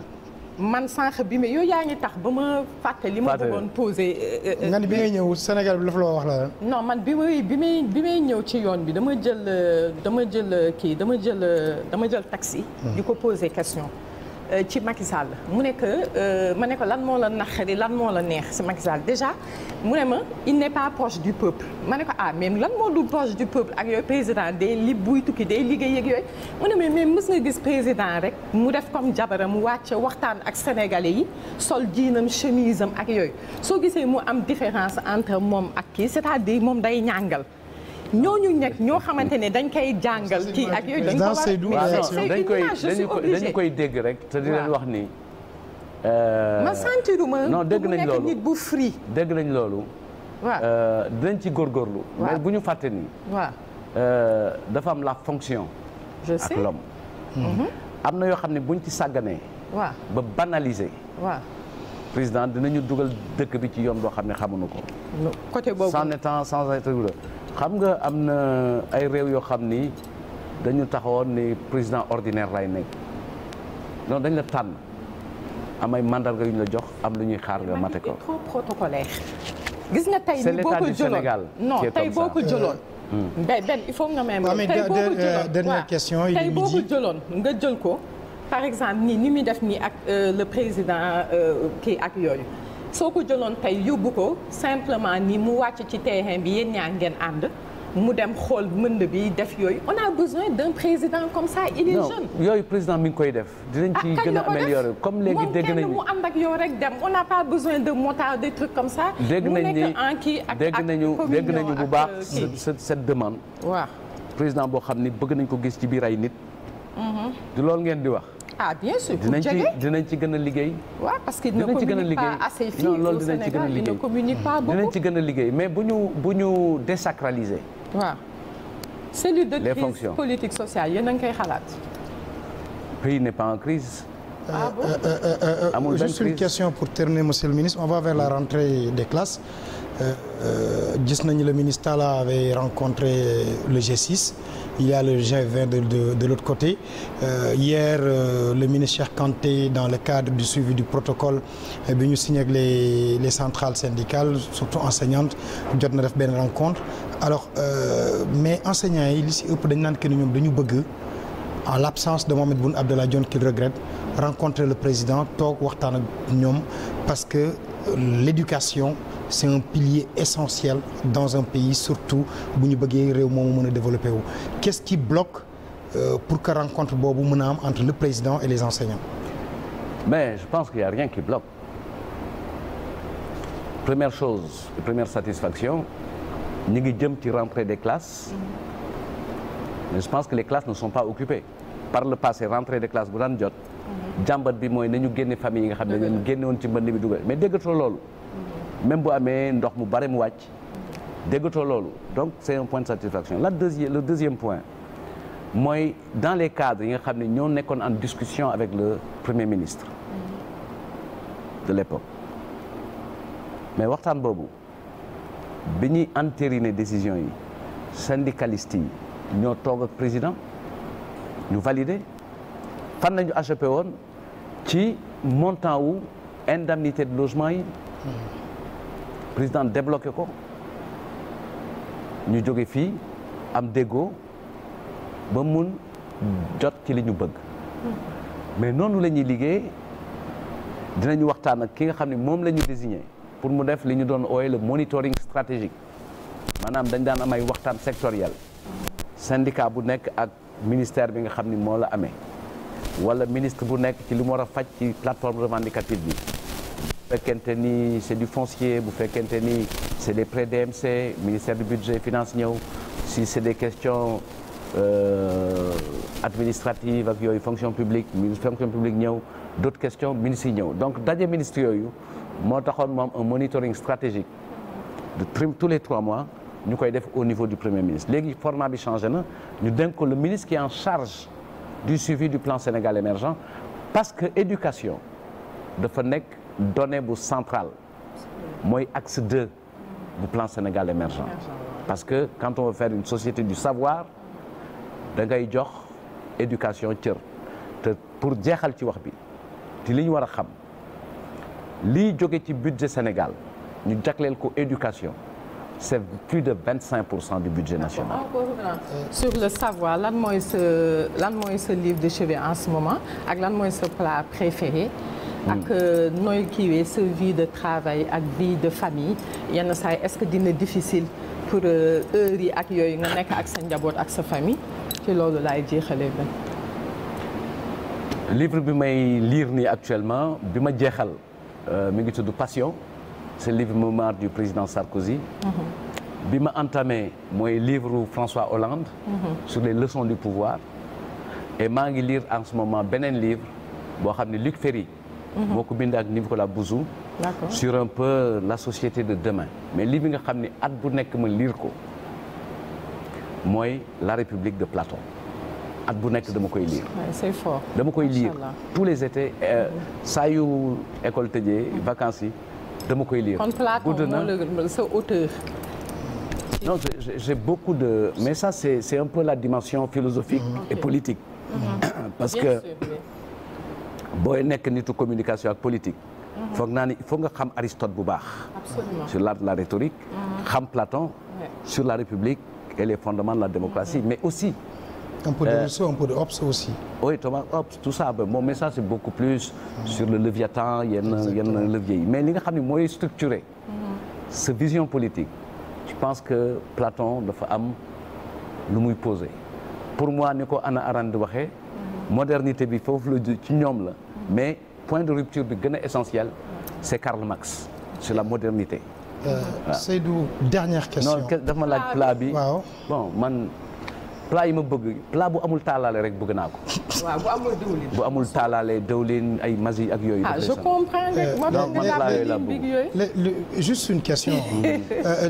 man sànq bi ma yooyu yaa ngi tax ba ma fàtte li ma bëggoon posé euh, euh, euh, nga ni bi ngay ñëw Sénégal bi la fa la wax la non man bi may bi may bi may ñëw ci yoon bi dama jël dama jël kii dama jël dama jël taxi hmm. di ko posé question Euh, ci Macky Sall mu ne que euh, ma ne ko lan moo la naqari lan moo la neex si Macky Sall déjà mu ne ma il n'est pas proche du peuple ma ne ko ah mais lan moo du proche du peuple ak yooyu président day li buy tukki day liggéey ak yooyu mu ne mais mës nga gis président rek mu def comme jabaram wàcc waxtaan ak sénégalais yi sol jiinam chemise am ak yooyu soo gisee mu am différence entre moom ak kii cest à moom day ñàngal ñu nekk ñoo xamante ne dañ koy jàngal kii ak yooyu dañ ko dañ koy dañu koy dégg rek te di wax ni ma euh, sentiruma non dégg nañ loolu nit bu free dégg nañ loolu waaw euh, dinañ ci góorgóorlu mais bu ñu fàtte ni waaw euh, dafa am la fonction je ak l'homme mhm. am na yoo xam ne buñ ci sàgganee waaw ba banaliser waaw président dinañu dugal dëkk bi ci yoon boo xam ne xamuñu ko côté boobu sans étant sans être xam nga am na ay réew yoo xam ni dañu taxawoon ni président ordinaire lay nekk non dañ la tànn am ay mandarga yu ñu la jox am lu ñuy xaar nga mate ko. trop protocolaire. gis nga tey ni boo ko jëloon non tey ko jëloon. Hmm. benn il faut nga may ma tey boo ko jëloon euh, dernière question yi tey boo nga jël ko par exemple nii ni muy def nii ak euh, le président euh, kii ak yooyu. soo ko jëloon tey yóbbu ko simplement ni mu wàcc ci terrain bi yéen ñaa ngeen ànd mu dem xool mën mënd bi def yooyu on a besoin d'un président comme ça il est non, jeune. yooyu président mi ngi koy def. Ah, dinañ ci gën a améliorer comme léegi dégg nañu moom kenn mu ànd ak yow rek dem on n'a pas besoin de motard des trucs comme ça. dégg nañ ni dégg nañu dégg nañu bu baax euh, cette demande. waaw président boo xam ni bëgg nañ ko gis ci biir ay nit. Mm-hmm. du loolu ngeen di wax. ah bien sûr dinañ ci dinañ ci gën a liggéey. waaw parce que dinañ ci gën a liggéey non loolu dinañ ci gën a liggéey dinañ ci gën a liggéey mais bu ñu bu ñu désacraliser. waaw cellule de crise politique sociale yéen a ngi koy xalaat. pays n'est pas en crise. ah bon euh, euh, euh, amul juste une question pour terminer monsieur le ministre on va vers la rentrée des classes. gis nañu le ministre Talla avait rencontré le G6. il y a le g de, de, de l'autre côté. Euh, hier, euh, le ministre Kanté, dans le cadre du suivi du protocole, est eh venu signer avec les, les centrales syndicales, surtout enseignantes, jot na def benn rencontre. alors euh, mais enseignants yi li si ëpp dañ naan que ni ñoom dañu bëgg en l'absence de Mohamed Boun Abdallah Dionne qu'il regrette rencontrer le président toog waxtaan ak ñoom parce que l'éducation c'est un pilier essentiel dans un pays surtout bu ñu bëggee réew moomu mën a développé wu qu'est-ce qui bloque euh, pour que rencontre boobu mën a am entre le président et les enseignants mais je pense qu'il y a rien qui bloque première chose première satisfaction ñu ngi jëm ci rentrée des classes mais je pense que les classes ne sont pas occupées par le passé rentrée des classes bu jot jàmbat bi mooy nañu génne famille yi nga xam ne dañu génne woon ci mbënd loolu même bu amee ndox mu bare mu wàcc déggatoo loolu donc c'est un point de satisfaction la deuxième le deuxième point mooy dans les cadres yi nga xam ne ñoo nekkoon en discussion avec le premier ministre de l'époque mais waxtaan boobu bi ñuy entériner décision yi syndicalistes yi ñoo toog ak président ñu validé fan nañu acheté woon ci montant wu indemnité de logement yi président débloqué ko ñu jóge fii am déggoo ba mun jot ci li ñu bëgg mais noonu la ñuy liggéey dinañu waxtaan ak ki nga xam ne moom la ñu désigné pour mu def li ñu doon ooye le monitoring stratégique maanaam dañ daan am ay waxtaan sectoriel syndicat bu nekk ak ministère bi nga xam ni moo la amee wala ministre bu nekk ci lu mu war a faj ci plateforme revendicative bi fekkente ni c'est du foncier bu fekkente ni c'est des prêts DMC ministère du budget finance ñëw si c'est des questions euh, administratives ak yooyu fonction publique fonction publique ñëw d'autres questions ministres yi ñëw donc daje ministres yooyu moo taxoon moom un monitoring stratégique de tous les trois mois ñu koy def au niveau du premier ministre léegi format bi changé na ñu dénk ko le ministre qui est en charge du suivi du plan Sénégal émergent parce que éducation dafa nekk donnée bu centrale mooy axe 2 du plan Sénégal émergent parce que quand on veut faire une société du savoir da ngay jox éducation cër pour jeexal ci wax bi te li ñu war a xam li jóge ci budget Sénégal ñu jagleel ko éducation c'est plus de vingt cinq pour cent du budget national. Euh, sur le savoir lan mooy se livre de chevet en ce moment ak lan mooy sa plat préféré. Mm. ak euh, nooy kiiwee sa vie de travail ak vie de famille yenn saa yi est-ce que dina difficile pour euh, heure yi ak yooyu nga nekk ak sa njaboot ak sa famille ci loolu laay jeexalee livre bi may liir nii actuellement bi ma jeexal euh, mi ngi tudd Passion c'est livre mémoire du président Sarkozy. Mm-hmm. bi ma entamé mooy livre François Hollande. Mm-hmm. sur les leçons du pouvoir. et maa ngi liir en ce moment beneen livre boo xam ne Luc Ferry. moo mm-hmm. ko bind ak Nicolas Bazoum sur un peu la société de demain mais li bi nga xam ni at bu nekk ma liir ko mooy la République de Platon at bu nekk dama koy lire c'est fort dama koy lire tous les étés euh, mm-hmm. saa yu école tëjee mm-hmm. vacances yi dama koy lire gudd na sa auteur non j'ai beaucoup de mais ça c'est c'est un peu la dimension philosophique et politique parce que booy nekk nitu communication ak politique. foog naa ni il nga xam Aristote bu baax. sur la rhétorique. Mm-hmm. xam Platon. sur la République et les fondements de la démocratie mm-hmm. mais aussi. un peu de euh, Rousseau, un peu de Hobbes aussi. Thomas Hobbes tout ça mon message c'est beaucoup plus sur le Léviathan yenn yenn levier yi mais li nga xam ne mooy structuré. Mm-hmm. sa vision politique. je pense que Platon dafa am lu muy posé pour moi ni ko Anna Arendt waxee. modernité bi foofu la ci ñoom la. mais point de rupture bi gën a essentiel c' est Karl Marx sur la modernité. Euh, voilà Seydou dernière question. non daf ma laaj plat bi waaw bon man. plat yi ma bëgg plat bu amul taalaale rek bëgg naa ko. waaw bu amul dëwlin. bu amul taalaale dëwlin ay magi ak yooyu. ah je comprends rek euh, man la juste une question. Euh,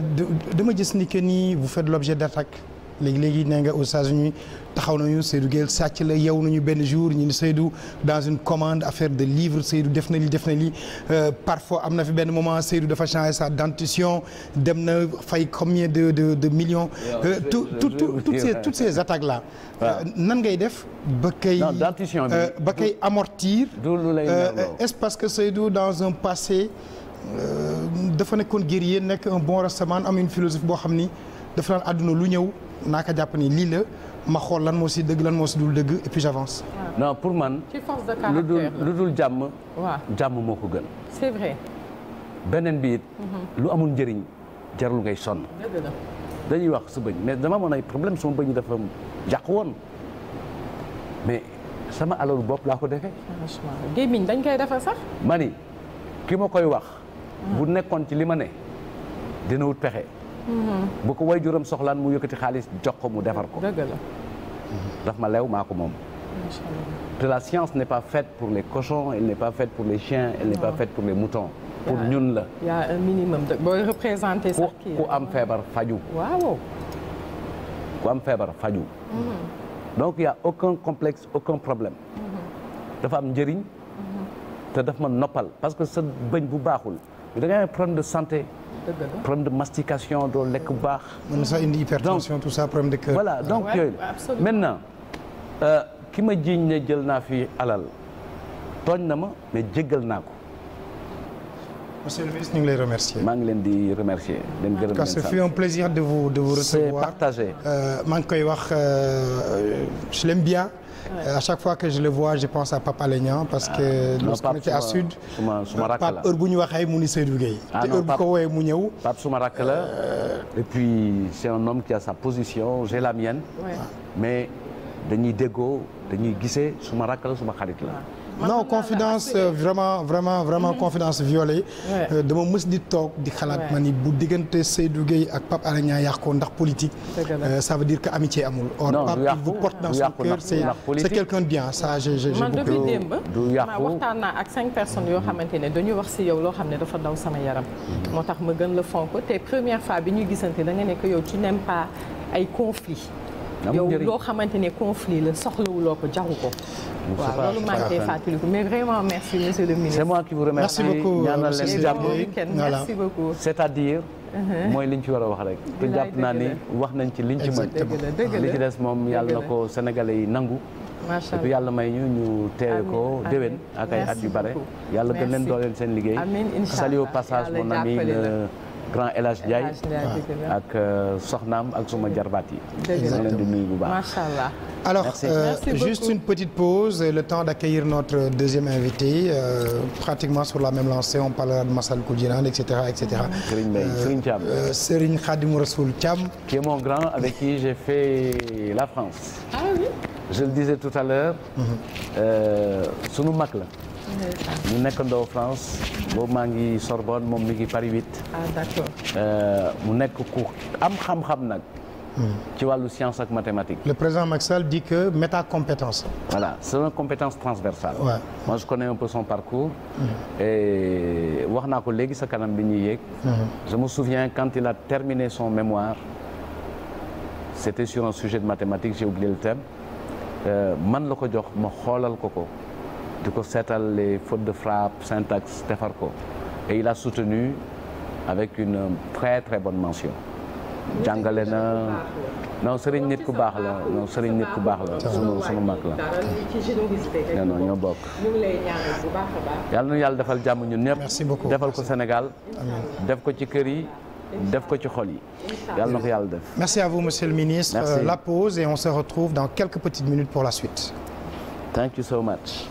dama gis ni que ni vous faites l'objet d'attaque léegi léegi nee nga aux États-Unis taxaw nañu Seydou Guèye sàcc la yew nañu benn jour ñu ni Seydou dans un commande affaire de livre Seydou def na li def na li euh, parfois am na fi benn moment Seydou dafa changé sa dentition dem na fay combien de de de millions. Euh, tout tout toutes ces toutes attaques là. Euh, nan ngay def ba kay. dentition ba kay amortir. est ce parce que Seydou dans un passé dafa nekkoon guerrier nekk un bon rastaman am une philosophie boo xam ni. dafa naan àdduna lu ñëw naa ko jàpp ni lii la ma xool lan moo si dëgg lan moo si dul dëgg et puis j'avance. non pour man. lu dul jàmm. waaw jàmm moo ko gën. c'est beneen bi it. Mhm. lu amul njëriñ jarul ngay sonn. dañuy wax su bëñ mais dama amoon ay problème sama bëñ dafa jàq woon mais sama alalu bopp laa ko defee. gémmiñ dañ koy defar sax. ma ni ki ma koy wax. bu mhm. nekkoon ci li ma ne dina wut pexe. Mm-hmm. bu ko waajuram soxlaan mu ti xaalis jox ko mu defar ko. dëgg la. Mm-hmm. ma lew maa ko moom. te la science ne pas faite pour les cochons elle n'est pas faite pour les chiens elle n'est pas faite pour les moutons. pour ñun la. a un minimum de ku am feebar faju waaw. ku am feebar faju mm-hmm. donc y a aucun complexe aucun problème. dafa am njëriñ. te daf ma noppal parce que sa bëñ bu baaxul da ngay am problème de santé. problème de mastication doo lekk bu baax. mën na sax indi hypertension tout ça problème de voilà donc ouais, euh, maintenant ki ma jiiñ ne jël naa fi alal tooñ na ma mais jéggal naa ko. monsieur le ministre ñu ngi lay remercier. maa ngi leen di remercier. leen gërëm leen ça ce fut un plaisir de vous de vous recevoir. c'est partagé. Euh, maa ngi koy wax euh, je l'aime bien. Ouais. Euh, à chaque fois que je le vois je pense à Pape Alé Niang parce que. Ah. non Pape suma suma suma suma rakk la Pape heure bu ñu waxee mu ni Seydou Gueye. Ah te heure bu ko woowee mu ñëw. Pape suma rakk la euh. et puis c'est un homme qui a sa position j'ai la mienne. mais dañuy déggoo dañuy gisee suma rakk la suma xarit la. non confidence euh, vraiment vraiment vraiment mhm. confidence violée euh, dama mës di toog di xalaat ma ni bu diggante Seydou Gueye ak Pape Alé Niang yàqoo ndax politique euh, ça veut que amitié amul or Pape il vous porte dans son cœur c'est quelqu'un de bien ça j'ai j'ai beaucoup du yàqu waxtaan naa ak cinq personnes yoo xamante ne dañu wax si yow loo xam ne dafa daw sama yaram moo tax ma gën la fonk te première fois bi ñuy gisante da nga ne ko yow tu n'aimes pas ay conflit yow loo xamante ne conflit la loo ko jaxu ko. waaw loolu maa ngi koy fàttaliku mais vraiment merci monsieur le ministre. c'est à dire uh-huh. mooy liñ ci war a wax rek. te jàpp naa ni wax nañ ci liñ ci mën. li ci des moom yàlla na ko sénégalais yi nangu. yàlla may ñu ñu teewe ko déwén. ak ay at yu bare. yàlla de leen dooleel seen liggéey. amiin incha allah salut au grand El Hadj Ndiaye ak euh, soxnaam ak suma jarbaat yi. dëgg bu baax allah. alors euh, juste une petite pause et le temps d'accueillir notre deuxième invité euh, pratiquement sur la même lancée on parlera de Massalikul Jinaan et cetera et cetera. Mm-hmm. Serigne Mbaye euh, Serigne Thiam euh, Serigne Khadim Rassoul Thiam. qui est mon grand avec qui j'ai fait la France. ah oui. je le disais tout à l'heure mm-hmm. sunu mag la. ñu nekkandoo France boobu maa ngi Sorbonne moom mi ngi Paris 8. Ah, euh, mu nekk ku am xam-xam nag. Hmm. ci wàllu science ak mathématique. le président Macky Sall dit que métacompétence. voilà c'est compétence transversale. waaw ouais. moi je connais un son parcours. Mmh. et wax naa ko léegi sa kanam bi ñuy yéeg. Hmm. je me souviens quand il a terminé son mémoire. c'était sur un sujet de mathématiques j'ai oublié le thème euh, man la ko jox ma xoolal ko ko. di ko seetal les fautes de frappe syntaxe defar ko et il a soutenu avec une très très bonne mention jàngale na non sëriñ nit ku baax la non sëriñ nit ku baax la sunu sunu mag la non ñoo bokk yàlla na yàlla defal jàmm ñun ñëpp defal ko Sénégal def ko ci kër yi def ko ci xol yi yàlla na ko yàlla def merci à vous monsieur le ministre la pause et on se retrouve dans quelques petites minutes pour la suite Thank you so much.